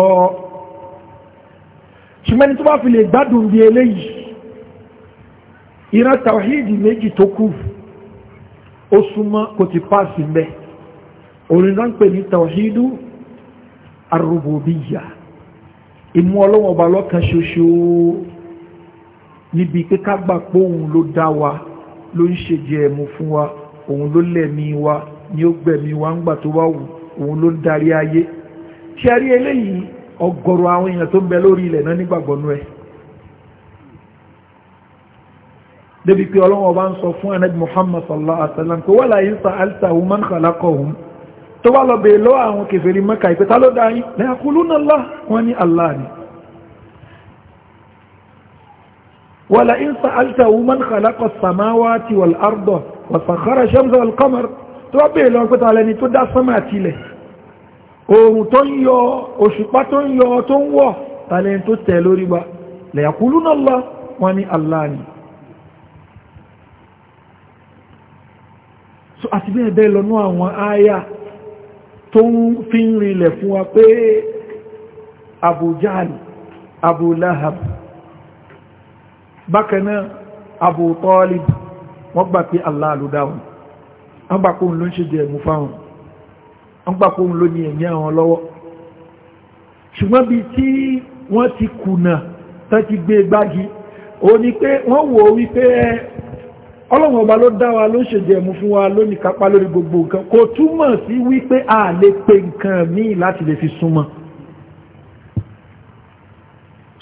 ṣùgbọ́n ni tó bá fi lè gbádùn bí eléyìí ìran tàwíìdì méjì tó kù ó súnmọ́ kò ti pàṣì mẹ́ òrìnà ń pè ní tàwíìdù arúbòbíyà ìmú ọlọ́wọ́n ọba lọ́kan ṣoṣo níbi pé ká gbà pé òun ló dá wa ló ń ṣe jẹ ẹ̀mú fún wa òun ló lẹ̀mí wa ni ó gbẹ̀mí wa ń gbà tó wá wù òun ló ń darí ayé ṣe rí eléyìí ọ̀gọ̀rọ̀ àwọn èèyàn tó ń bẹ lórí ilẹ̀ náà nígbàgbọ́nú ẹ̀ débi pé ọlọ́wọ́n ọba ń sọ fún anabi Muhammad sallallahu alaihi wa sallam kò wala in sa'altahum man khalaqahum tó wá lọ bèèrè lọ́wọ́ àwọn kèfèrí Mẹ́kà ìpé ta ló dá yín layakuluna Allah wọ́n ní Allah ni wala in sa'altahu man khalaqa as-samawati wal arda wa sakhara ash-shamsa wal qamar tó wá bèèrè lọ́wọ́ pẹ́ta lẹ́ni tó dá sánmà tilẹ̀ oòrùn tó ń yọ òṣùpá tó ń yọ tó ní àwọn ááyà tó ń fi ń rinlẹ̀ fún wa pé Abu Jahl bákanáà Abu Talib wọ́n gbà pé Allah ló dáhùn wọ́n gbà pé òun ló ń ṣe jẹ̀mú fáwọn wọ́n gbà pé ló ní ẹ̀mí àwọn lọ́wọ́ ṣùgbọ́n bí tí wọ́n ti kùnà tán ti gbé gbági òun ni pé wọ́n wò wípé ọlọ́run ọba ló dá wa ló ṣe jẹ̀mú fún wa lónìí kápá lórí gbogbo nǹkan kò túmọ̀ sí wípé a lè pe nǹkan míì láti lè fi súnmọ́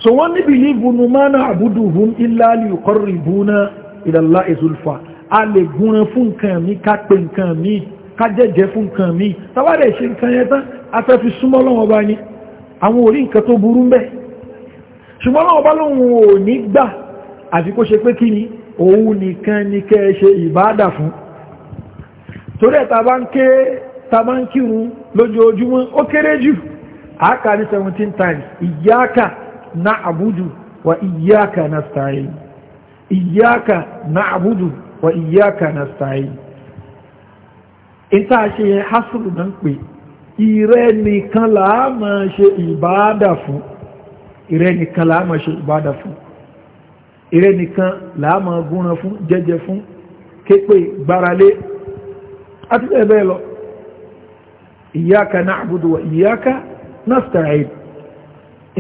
so wọ́n níbi ìlú mana àbúdùhùn ìlàlì ọ̀kọ́rì ìbúná ìlàlá ìzulfà a lè gúnran fún nǹkan míì ká pe nǹkan míì ká jẹ́jẹ́ fún nǹkan míì tàwádẹ̀ ṣe nǹkan yẹn tán afẹ́ fi súnmọ́ lọ́wọ́ bá ní àwọn orí nǹkan tó burú ń bẹ ṣùgbọ́n lọ́wọ́ bá lóhun ò ní gbà àfi ṣe pé kí ni òun nìkan ní kẹ́ ṣe ìbádà fún torí ẹ̀ tàbá ń kírun lójoojúmọ́ ó kéré jù ní 17 times na na'budu wa na wa iyyaka na ìta ṣe yẹn hásùlù na pé ìrẹ́ ṣe ibada ìrẹ́ nìkan làá ṣe ìbádà fún ìrẹ́ nìkan láàmà gúnran fún jẹ́jẹ fún képe gbáralé àti bẹ́ẹ̀ lọ ìyáka na'budu wa ìyáka nasta'in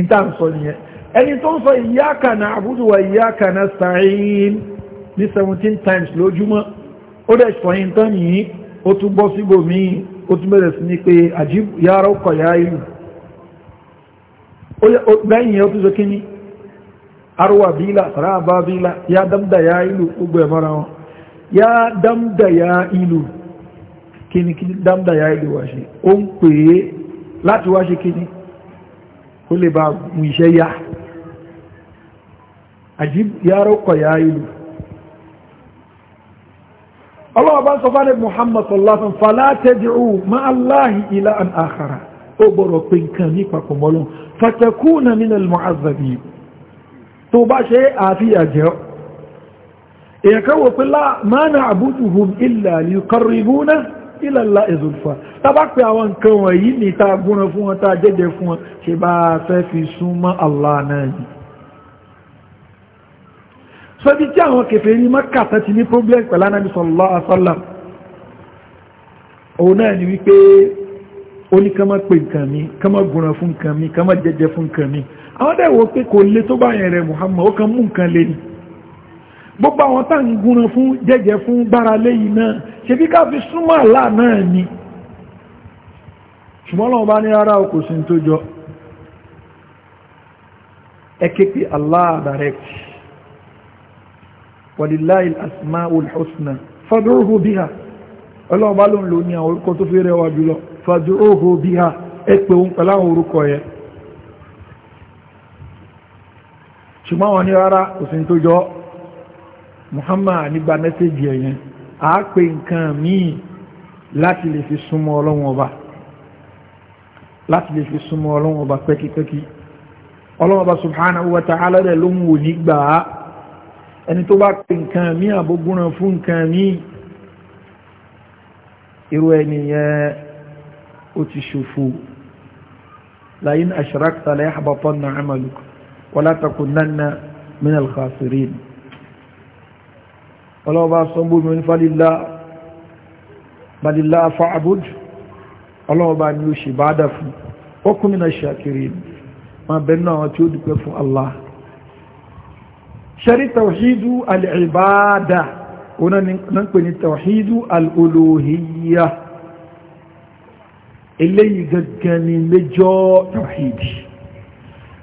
ìta ń sọ nìyẹn ẹni tó ń sọ ìyáka na'budu wa ìyáka nasta'in ní 17 times lójúmọ́ ó dẹ̀ sọ̀yìn tán yìí ó tún bọ́ síbò míì ó tún bẹ̀rẹ̀ sí ní pé àjíyàrá ọkọ̀ yá ìlú lẹ́yìn ó tún sọ kí ni arwa bila raba bila ya dam da ya ilu gbogbo ẹ̀ mara wọn ya dam da ya ilu kíni kí dam da ya ilu wá ṣe ó ń pè é láti wá ṣe kíni ó lè bá mú iṣẹ́ yá àjíb ya rọ́kọ̀ ya ilu Allah bá sọ bá ní Muhammad sallallahu alaihi wasallam fala ma Allahi ila an akhara ó gbọ́rọ̀ pé nǹkan ní papọ̀ mọ́lọ́ fatakuna min al-mu'azzabin tó bá ṣe àfíyà jẹ́ èyànkan wò pé láà máa na àbútùhùn ilẹ̀ àlìkọrìbúnà ilẹ̀ ńlá ìzùlfà tàbá pé àwọn nǹkan wọ̀nyí ní ta gúnra fún wọn ta jẹ́jẹ́ fún wọn ṣe bá fẹ́ fi súnmọ́ Allah náà yìí sọ́bí tí àwọn kèfèé ní mọ́kàtà ti ní àwọn dẹ̀wọ̀ pé kò lè tó bá yẹn rẹ̀ Muhammad ó kàn mú nǹkan lè ní gbogbo àwọn tá ń gúnran fún jẹ́jẹ́ fún gbára léyìn náà ṣe bí fi súnmọ́ àlá náà ni ṣùgbọ́n lọ́wọ́ bá ní rárá o sí tó Allah ní ṣùgbọ́n wọn ní rárá òsìn tó jọ Muhammad nígbà mẹ́sẹ̀jì ẹ̀yẹn a pè nǹkan míì láti lè fi súnmọ́ ọlọ́run ọba láti lè fi súnmọ́ ọlọ́run ọba pẹ́kipẹ́ki ọlọ́run ọba subhanahu wa ta'ala rẹ̀ ló ń wò nígbà ẹni tó bá pè nǹkan míì àbógúnran fún nǹkan míì irú ẹni ó ti ṣòfò la in ashrakta la yahbatanna amaluka wala takunanna min al-khasirin ọlọ́ọ̀bá sọ́mbó mi balillah fa'abud ọlọ́ọ̀bá ni ó ṣe bá dá fún okun min ash-shakirin ma bẹ̀rẹ̀ náà tí ó dúpẹ́ fún Allah ṣẹ́rí tàwàhídú al'ibada wọn na ń pè ní tàwàhídú al'olóhíyá eléyìí gẹ́gẹ́ ni méjọ́ tàwàhídí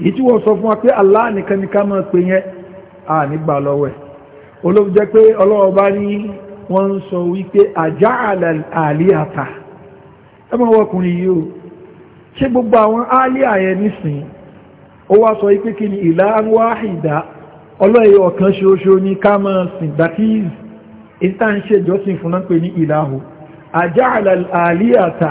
èyí tí wọ́n sọ fún wa pé Allah nìkan ní ká máa pè yẹn à nígbà lọ́wọ́ ẹ̀ olóòfin jẹ́ pé ọlọ́wọ́ bá ní wọ́n ń sọ wípé àjá àlíàtà ẹ mọ̀ yìí o ṣé gbogbo àwọn àlíà yẹn ó wá sọ wípé kí ni ìlà ń ọlọ́ẹ̀yọ ọ̀kan ṣoṣo ní ká máa sìn dàkíyìí ìta ṣèjọ́sìn fún náà pé ní ìlà àjá àlíàtà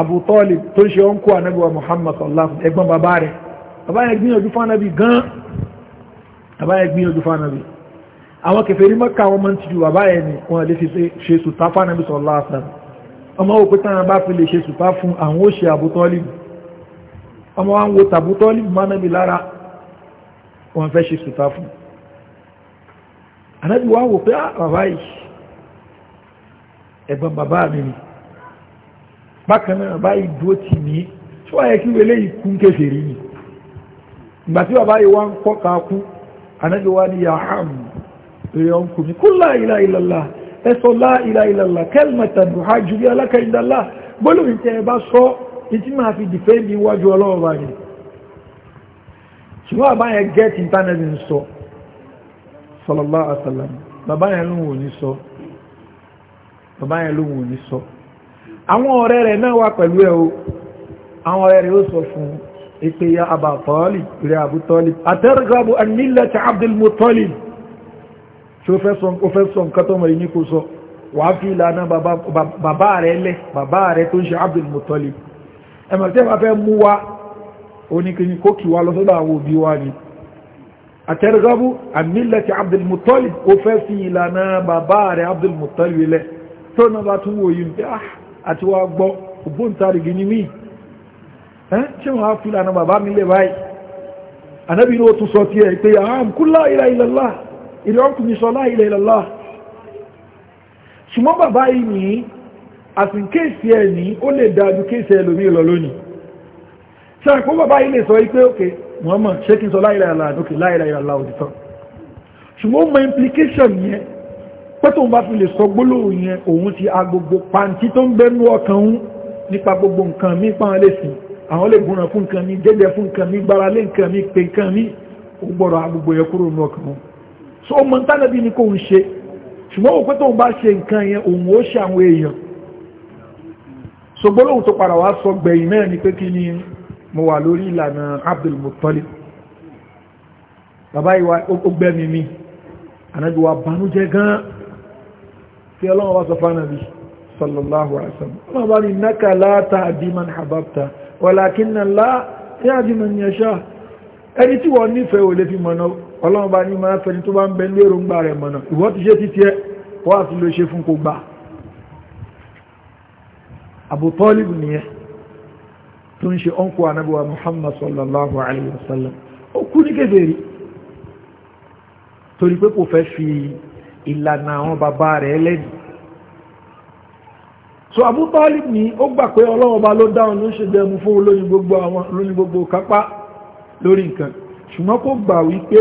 Abu Talib tó ṣe ó ń kó ànábì wa Muhammad sallallahu alaihi wasallam ẹgbọ́n bàbá rẹ̀ bàbá yẹn gbìyànjú fún ànábì gan bàbá yẹn gbìyànjú fún ànábì àwọn kèfèrí Mẹ́kà wọn máa ń tijú bàbá yẹn ni wọ́n lè fi ṣe sùtá fún ànábì sallallahu alaihi wasallam ọmọ òkú tán bá fi lè ṣe sùtá fún àwọn ó ṣe Abu Talib ọmọ wa ń wo tàbú Talib mọ́ bákan náà báyìí dúró tì mí tí wọ́n yẹ kí wọ́n eléyìí kú kéferì yìí ìgbà tí bàbá yìí wá ń kọ́ ká kú anájọ wá ní yaham rẹ̀ ọkùnrin kú la ilaha illallah ẹsọ la ilaha illallah kalimatan tuhajju bí alákàndàlá gbólóhùn tẹ́ ẹ bá sọ ìtí máa fi dìfẹ́ǹdì wájú ọlọ́run bá ní ṣùgbọ́n àbá yẹn gẹ́ẹ̀tì bàbá yẹn lóhun ò ní sọ àwọn ọ̀rẹ́ rẹ̀ náà wà pẹ̀lú ẹ̀ o àwọn ọ̀rẹ́ rẹ̀ ó sọ fún ipe ya Aba Talib rẹ̀ Abu Talib atarghabu an millati Abdul Muttalib tí ó fẹ́ sọ nǹkan tó mọ̀ ní kò sọ wàá ìlànà bàbá rẹ̀ lẹ̀ bàbá tó Abdul Muttalib ẹ̀mọ̀ tẹ́ wàá fẹ́ mú wa oníkìní kó kì wá lọ sọ́dọ̀ àwọn òbí wa ni àtẹ́rẹ́gọ́bù àmìlẹ̀tì Abdulmutalib ó fẹ́ fi náà bá tún wòye ń pẹ́ ah àti wá gbọ́ ògbóǹtarìgì ní mí ṣe wọ́n á fi lànà bàbá mi lè báyìí anábì ní ó tún sọ tí ẹ̀ pé àmkú láìlà ìlàlá ìrẹ́ ọkùnrin sọ láìlà ìlàlá ṣùgbọ́n bàbá yìí ní àsìn kéèsì ẹ̀ ní ó lè dájú kéèsì ẹ̀ lómi lọ lónìí ṣe àkó bàbá yìí lè sọ pé òkè Muhammad ṣé kí n sọ láìlà ìlàlá òdìtọ́ ṣùgbọ́n ó mọ implication yẹn pẹ́tòun bá fi lè sọ gbólóhùn yẹn òun ti agbogbo pàǹtí tó ń bẹ́nu ọkàn ń nípa gbogbo nǹkan mi pàwọn lè sìn àwọn lè gúnran fún nǹkan mi jẹ́jẹ́ fún nǹkan mi gbára lé nǹkan mi pé nǹkan mi ó gbọ́dọ̀ agbogbo yẹn kúrò nù ọkàn wọn so ọmọ ntánàbí ni kò ń ṣe ṣùgbọ́n òun pẹ́tòun bá ṣe nǹkan yẹn òun ó ṣe àwọn èèyàn so gbólóhùn tó padà wá sọ gbẹ̀yìn náà ni pé kí ni mo wà lórí ìlànà Abdul Muttalib bàbá ìwà ó gbẹ́mi mi ànájú wa banújẹ́ gan-an tí ọlọ́run wá sọ fánàbí sallallahu alaihi wasallam ọlọ́run bá ní innaka la tahdi man ahbabta walakinna Allaha yahdi man yasha ẹni tí wọ́n nífẹ̀ẹ́ ò lè fi mọ̀nà ọlọ́run bá ní máa fẹ́ni tó bá ń bẹ lérò ń gbà rẹ̀ mọ̀nà ìwọ́ ti ṣe títí ẹ wọ́n àti lè ṣe tó ń ṣe ọ́nkù anábíwá Muhammad sallallahu alaihi wasallam ó kú ní kéfèrí torí pé kò fẹ́ fi ìlànà àwọn bàbá rẹ̀ lẹ́nu so Abu Talib ní ó gbà pé ọlọ́wọ́ bá ló dáhùn ló ń ṣe dẹmu fún lónìí gbogbo àwọn lónìí gbogbo kápá lórí nǹkan ṣùgbọ́n kó gbà wípé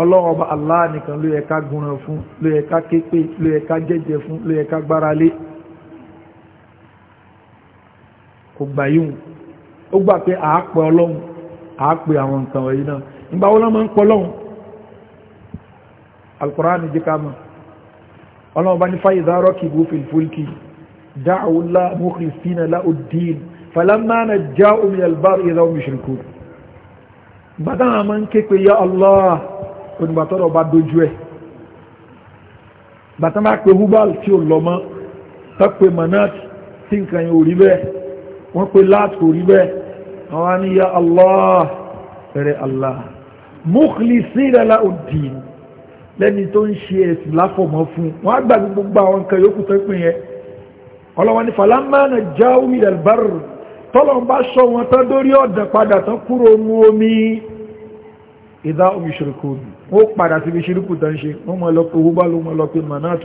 ọlọ́wọ́ bá Allah nìkan ló yẹ ká gúnran fún ló yẹ ká képe ló yẹ ká jẹ́jẹ́ fún ló yẹ ká gbára lé kò gbà yíhun ó gbà pé àápẹ ọlọ́run àápẹ àwọn nǹkan wọ̀nyí náà ìgbà wo ló ń pọ ọlọ́run alkùránì jíkàmù ọlọ́ọ̀bá ní fàyíza rọ́kìbú fìlfúlkì dáàwùlá mukhlisina láòdín falamana já omi albar ìzá omi ṣirkú bàtà àmà ń ké pé ya allah onígbàtọ́rọ̀ bá dojú ẹ̀ bàtà máa pé hubal tí ó lọ mọ́ tọ́pẹ́ manat tí nǹkan yóò rí bẹ́ẹ̀ wọ́n pé láti allah rẹ̀ allah mukhlisina láòdín lẹ́ni tó ń ṣe ẹ̀sìn láfọ̀mọ́ fún wọ́n á gbàgbé gbogbo àwọn nǹkan yókù tó pín yẹn ọlọ́wọ́n ni falamana jáwí albar tọ́lọ̀n bá ṣọ wọn tán dórí ọ̀dàn padà tán kúrò mú omi ìdá omi ṣirikú ó padà sí ibi ṣirikú tán ṣe wọ́n mọ̀ lọ pé húbá ló mọ̀ lọ pé maná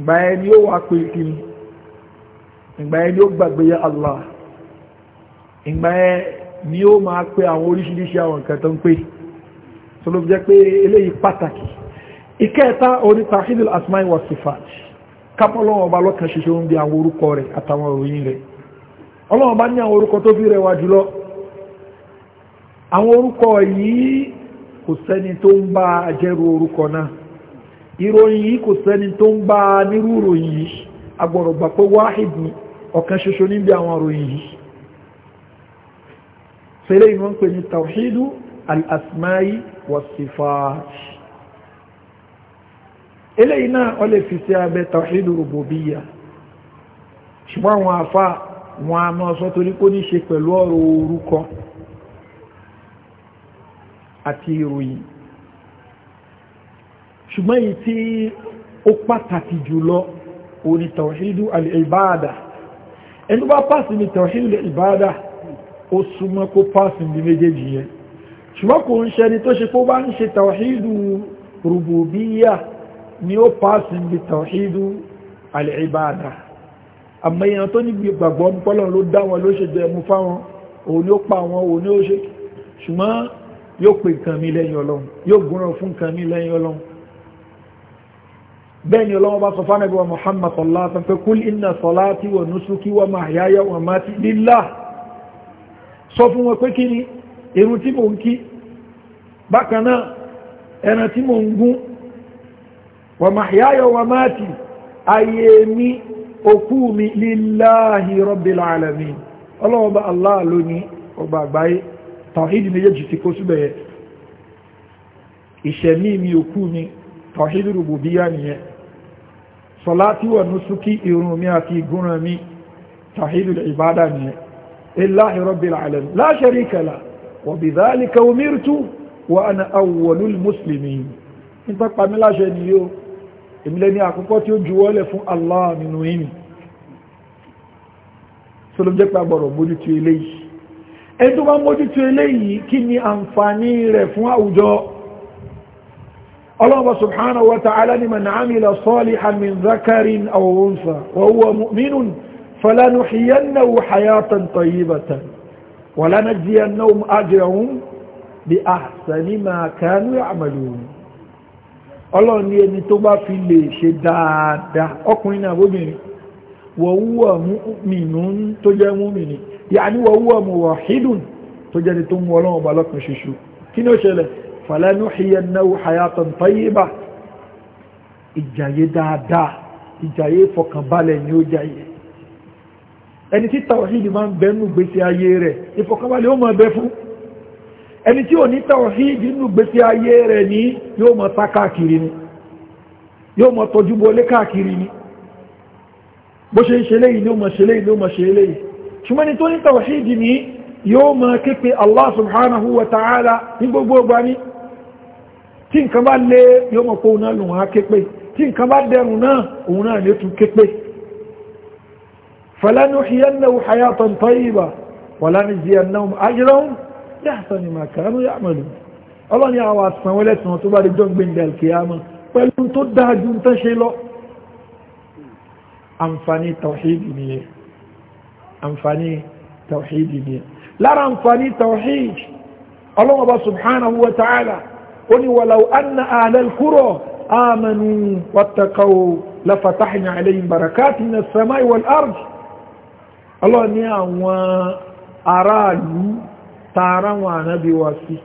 ìgbà ẹni ó wà pé kí ìgbà ẹni ó gbàgbé Allah ìgbà ẹ ni ó máa pé àwọn oríṣiríṣi àwọn nǹkan tó ń pè tó ló jẹ́ pé eléyìí pàtàkì ìkẹta oní tawhidul asma'i wa sifat kápọ́ lọ́wọ́ ọba lọ́kàn ṣoṣo ń bí àwọn orúkọ rẹ̀ àtàwọn òròyìn rẹ̀ ọlọ́wọ́ bá ní àwọn orúkọ tó fi rẹwà jùlọ sẹ́lẹ̀ ìwọ́n pè ní tawhidu al-asma'i wa sifat eléyìí náà ọ lè fi sí abẹ́ tawhidu rububiyya ṣùgbọ́n àwọn afá wọn a máa sọ torí kó ní ṣe pẹ̀lú ọ̀rọ̀ orúkọ àti ìròyìn ṣùgbọ́n èyí tí ó pàtàkì jùlọ òní tawhidu al ẹni bá pàṣẹ ní tawhidu al ó súnmọ́ kó pàṣì ní méjèèjì yẹn ṣùgbọ́n kò ń ṣẹni tó ṣe kó bá ń ṣe tàwàhídù rùbùbíyà ni ó pàṣì ní tàwàhídù alìbáadà àmọ́ èèyàn tó ní gbàgbọ́ pọ́lọ̀ ló dá wọn ló ṣe jẹ mú fáwọn òun ni ó pa wọn òun ni ó ṣe ṣùgbọ́n yóò pè nǹkan mi bẹ́ẹ̀ni ọlọ́run bá sọ fánàbí wa muhammad sallallahu alaihi wa sallam pé kúl inna salati wa nusuki wa mahyaya wa mati lillah sọ fún wọn pé kí ni irun tí mò ń kí bákan náà ẹran tí mò ń gún wa mahyaya mati ayé mi òkú mi lillahi rabbil alamin ọlọ́ọba Allah lóní ọba àgbáyé tàwídì méjèèjì ti kó súbẹ̀ ìṣẹ̀mí mi òkú mi tàwídì rububiyya nìyẹn salati wa nusuki irun mi àti ìgúnran mi tàwídì ìbádà nìyẹn لله رب العالمين لا شريك له وبذلك أمرت وأنا أول المسلمين انت قام لا شنيو imleni àkọ́kọ́ tí ó juwọ́lẹ̀ fún Allah nínú yìí tó ló jẹ́ pé agbọ̀rọ̀ mójútó eléyìí ẹni tó bá mójútó eléyìí kí ni àǹfààní rẹ̀ fún àwùjọ Allah subhanahu wa ta'ala ni man amila salihan min dhakarin aw untha wa huwa mu'minun فلنحيينه حياة طيبة ولنجزينهم أجرهم بأحسن ما كانوا يعملون ọlọ́run ní ẹni tó bá fi lè ṣe dáadáa ọkùnrin náà bóbìnrin wọ̀wúwọ̀ mìnú tó jẹ́ mú mìnì yàní wọ̀wúwọ̀ mú wọ̀ hídùn tó jẹ́ ni tó mú ọlọ́run bá lọ́kùn ṣíṣù kí ní ó ṣẹlẹ̀ falanuhiyannahu hayatan tayyiba ìjàyé dáadáa ìjàyé fọkànbalẹ̀ ni ó jàyé ẹni tí tàwàhídì máa ń bẹ nínú gbèsè ayé rẹ̀ ìfọ̀kànbalẹ̀ ó máa bẹ fún ẹni tí ò ní tàwàhídì nínú gbèsè ayé rẹ̀ ní yóò máa ta káàkiri ni yóò máa tọ́jú bọlé káàkiri ni bó ṣe ń ṣe léyìí ni ó máa ṣe léyìí ni ó máa ṣe léyìí فلنحيينه حياة طيبة ولنجزينهم أجرهم لأحسن ما كانوا يعملون الله ni àwọn àsàn wọlé tí wọ́n tó bá rí jọ gbẹ̀ndẹ̀ alkiyama pẹ̀lú tó dájú tán ṣe lọ àǹfàní tàwíìdì ni ẹ àǹfàní tàwíìdì ni ẹ lára àǹfàní tàwíìdì ọlọ́wọ́ba subhanahu wa ta'ala ó ní walau anna ahlal kúrọ̀ amanu wattaqaw lafatahna alayhim barakatin as-samai wal ardi ọlọ́run ní àwọn aráàlú tààrà wọn ànábí wa sí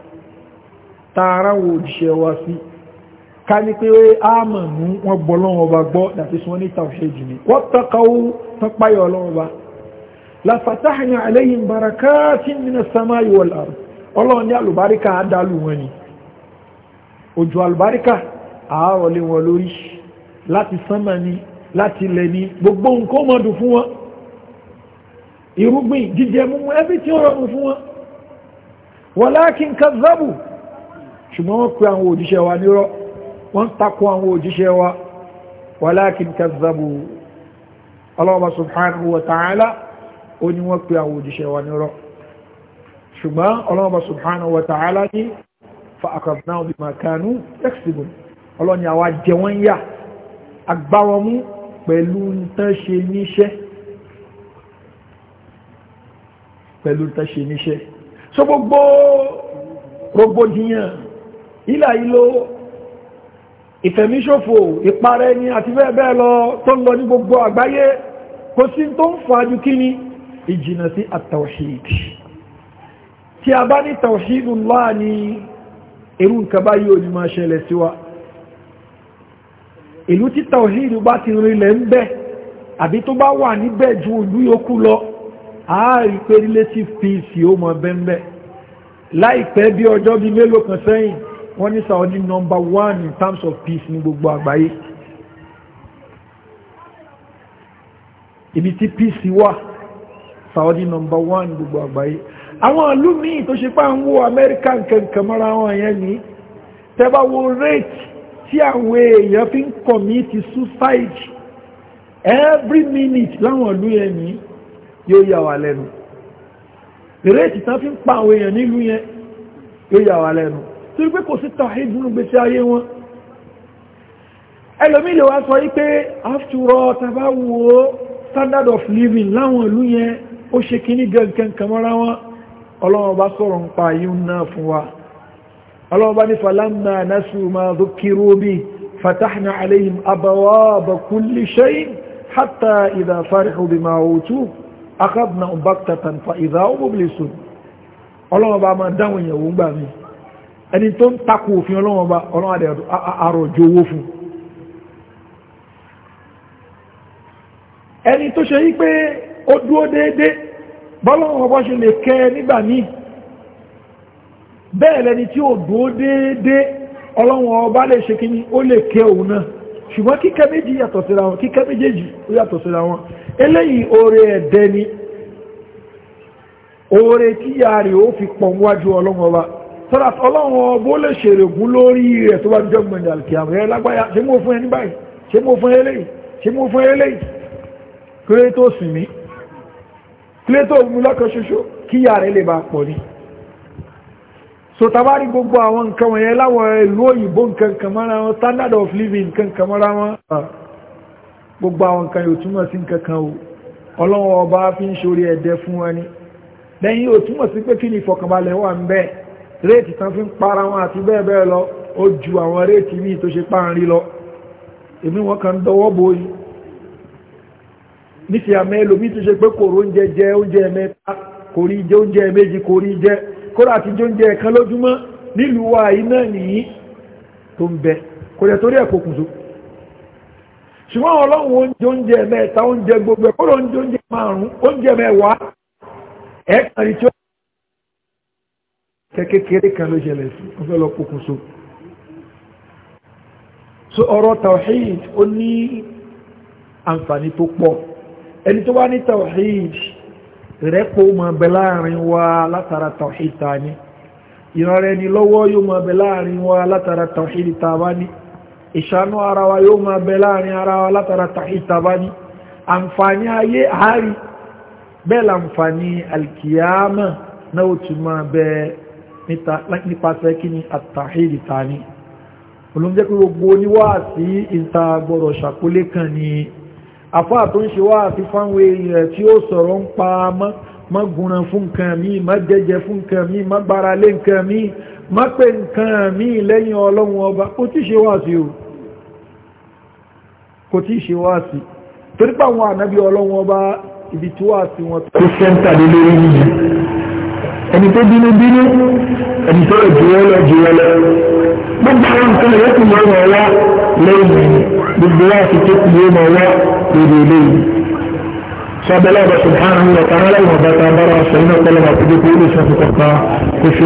tààrà wọn òjíṣẹ́ wa sí ká ní pé ámànú wọn gbọ́ lọ́wọ́ bá gbọ́ dàti sọ ní tàwṣẹ́ jù ní wọ́n tọ́kàwó tọ́páyọ̀ ọlọ́wọ́ bá lafatahna alayhim barakatin minas samai wal ard ọlọ́run ní àlùbáríkà àdálù wọn ni òjò àlùbáríkà àárọ̀lé wọn lórí láti sánmà ni láti ilẹ̀ ni gbogbo nǹkan mọ́dù fún wọn irúgbìn jíjẹ múmú ẹbí tí ó rọrùn fún wọn walakin kazzabu ṣùgbọ́n wọ́n pè àwọn òjíṣẹ́ wa nírọ́ wọ́n takò àwọn òjíṣẹ́ wa walakin kazzabu Allah subhanahu wa ta'ala ó ní wọ́n pè àwọn òjíṣẹ́ wa nírọ́ ṣùgbọ́n Allah subhanahu wa ta'ala ní fa pẹ̀lú ń tán ṣe níṣẹ́ pẹ̀lú tẹ́ṣe níṣẹ́ so gbogbo rògbòdìyàn ilà ìlò ìfẹ̀míṣòfò ìparẹ́ ni àti bẹ́ẹ̀bẹ́ẹ̀ lọ tó ń lọ ní gbogbo àgbáyé kò sí tó ń fa ju kíni ìjìnà sí at-tawhid tí a bá ní tawhidullah ní irú nǹkan báyìí ò àárí pé relative peace ó mọ bẹ́ńbẹ́ láìpẹ́ bí ọjọ́ bí mélòó kan sẹ́yìn wọ́n ní Saudi number one in terms of peace ní gbogbo àgbáyé ibi tí peace wà Saudi number one gbogbo àgbáyé àwọn ìlú míì tó ṣe pá ń wo Amẹ́ríkà nǹkan mọ́ra wọn yẹn ní tẹ́bá wo rate tí àwọn èèyàn fi ń commit suicide every minute láwọn ìlú yẹn ní yóò yà wà lẹ́nu ìrètí tán fi ń pa àwọn èèyàn nílùú yẹn yóò yà wà lẹ́nu torí pé kò sí tawhid nínú gbèsè ayé wọn ẹlòmíì lè wá sọ wípé after all tàbá wo standard of living láwọn ìlú yẹn ó ṣe kíní gẹ̀ǹkẹ̀ kàmọ́ra wọn ọlọ́wọ́n sọ̀rọ̀ ń pa yíò náà fún wa ọlọ́wọ́n ní falamma nasu ma dhukiru bi fatahna alayhim abawaba kulli shay hatta idha farihu bima utu akadna baktatan fa idha mublisun ọlọ́wọ́ bá máa dáwọn èèyàn ń gbà mí ẹni tó ń takò òfin ọlọ́wọ́ bá owó fún ẹni tó ṣe yí pé ó dúó déédé bọ́lọ́wọ́ ṣe lè kẹ́ nígbà míì bẹ́ẹ̀ lẹni tí ó dúó déédé lè ṣe kí ni ó lè kẹ́ òun náà ṣùgbọ́n kíkẹ́ méjì yàtọ̀ eléyìí oore ẹ̀dẹ́ ni oore tí ya rẹ̀ ó fi pọ̀ wájú ọlọ́run ọba sọ́dá ọlọ́run ọba ó lè ṣèrègún lórí rẹ̀ tó bá jọ gbọ̀nyà àlùkìyàmù ẹ lágbáyà ṣé mo fún so tabari gbogbo àwọn nǹkan wọ̀nyẹn láwọn ìlú òyìnbó nǹkan kan mọ́ra wọn standard of living nǹkan kan mọ́ra wọn gbogbo àwọn nǹkan yóò túmọ̀ sí nǹkan kan o ọlọ́wọ́ ọba fi ń ṣorí ẹ̀dẹ́ fún wọn ni lẹ́yìn yóò túmọ̀ sí pé kí ni ìfọ̀kànbalẹ̀ wà ń bẹ́ẹ̀ réètì tán fi ń para wọn àti bẹ́ẹ̀ bẹ́ẹ̀ lọ ó ju àwọn réètì míì tó ṣe páàrin lọ èmi wọn kàn dọwọ́ bo yìí níṣẹ́ àmẹ́ ẹlòmí tó ṣe pé kòrò oúnjẹ jẹ oúnjẹ mẹ́ta kò rí jẹ oúnjẹ méjì kò rí jẹ kódà àti jẹ oúnjẹ kan lójúmọ́ nílùú wa yìí náà nìyí tó ń bẹ kò dẹ̀ torí ẹ̀ kò kùn ṣùgbọ́n ọlọ́run oúnjẹ oúnjẹ mẹ́ta oúnjẹ gbogbo ẹ̀kọ́ ló ń jẹ oúnjẹ márùn-ún oúnjẹ mẹ́wàá ẹ̀ẹ́kan rí tí ó kékeré kan ló ṣẹlẹ̀ sí wọ́n fẹ́ lọ kókun so so ọ̀rọ̀ tawhid ó ní àǹfààní tó pọ̀ ẹni tó bá ní tawhid rẹ́pọ̀ máa bẹ láàrin wa látara tawhid ta ni ìran rẹ̀ ni lọ́wọ́ yóò máa bẹ láàrin wa látara tawhid ta bá ní ìṣànú ara wa yóò máa bẹ láàrin ara wa látara ìtàbá ní àǹfààní ayé àárí bẹ́ẹ̀ láǹfààní alkiyama náà ó tún máa bẹ nípasẹ̀ kí ni àtàhìrì ta ní olóúnjẹ́ pé gbogbo oníwáàsí ìta gbọ́rọ̀ ṣàkólé kan ni afá tó ń ṣe wáàsí fáwọn èèyàn tí ó sọ̀rọ̀ ń pa kò tí ṣe wá sí torípa àwọn ànábí ọlọ́wọ́n bá ibi tí wá sí wọn tó sẹ́ntà lé lórí yìí ẹni tó bínú bínú ẹni tó lè jù ọ́ lọ jù ọ́ lọ gbogbo àwọn nǹkan ẹ̀yẹ́ kò mọ̀ ọ́ wá lẹ́yìn gbogbo wá sí tó kù yóò wá lórí eléyìí sọ́bẹ̀lẹ́ ọ̀bọ̀ sùn hàn án lọ́ta aláwọ̀ bàtà bára ọ̀sẹ̀ iná kọ́lọ́mà tó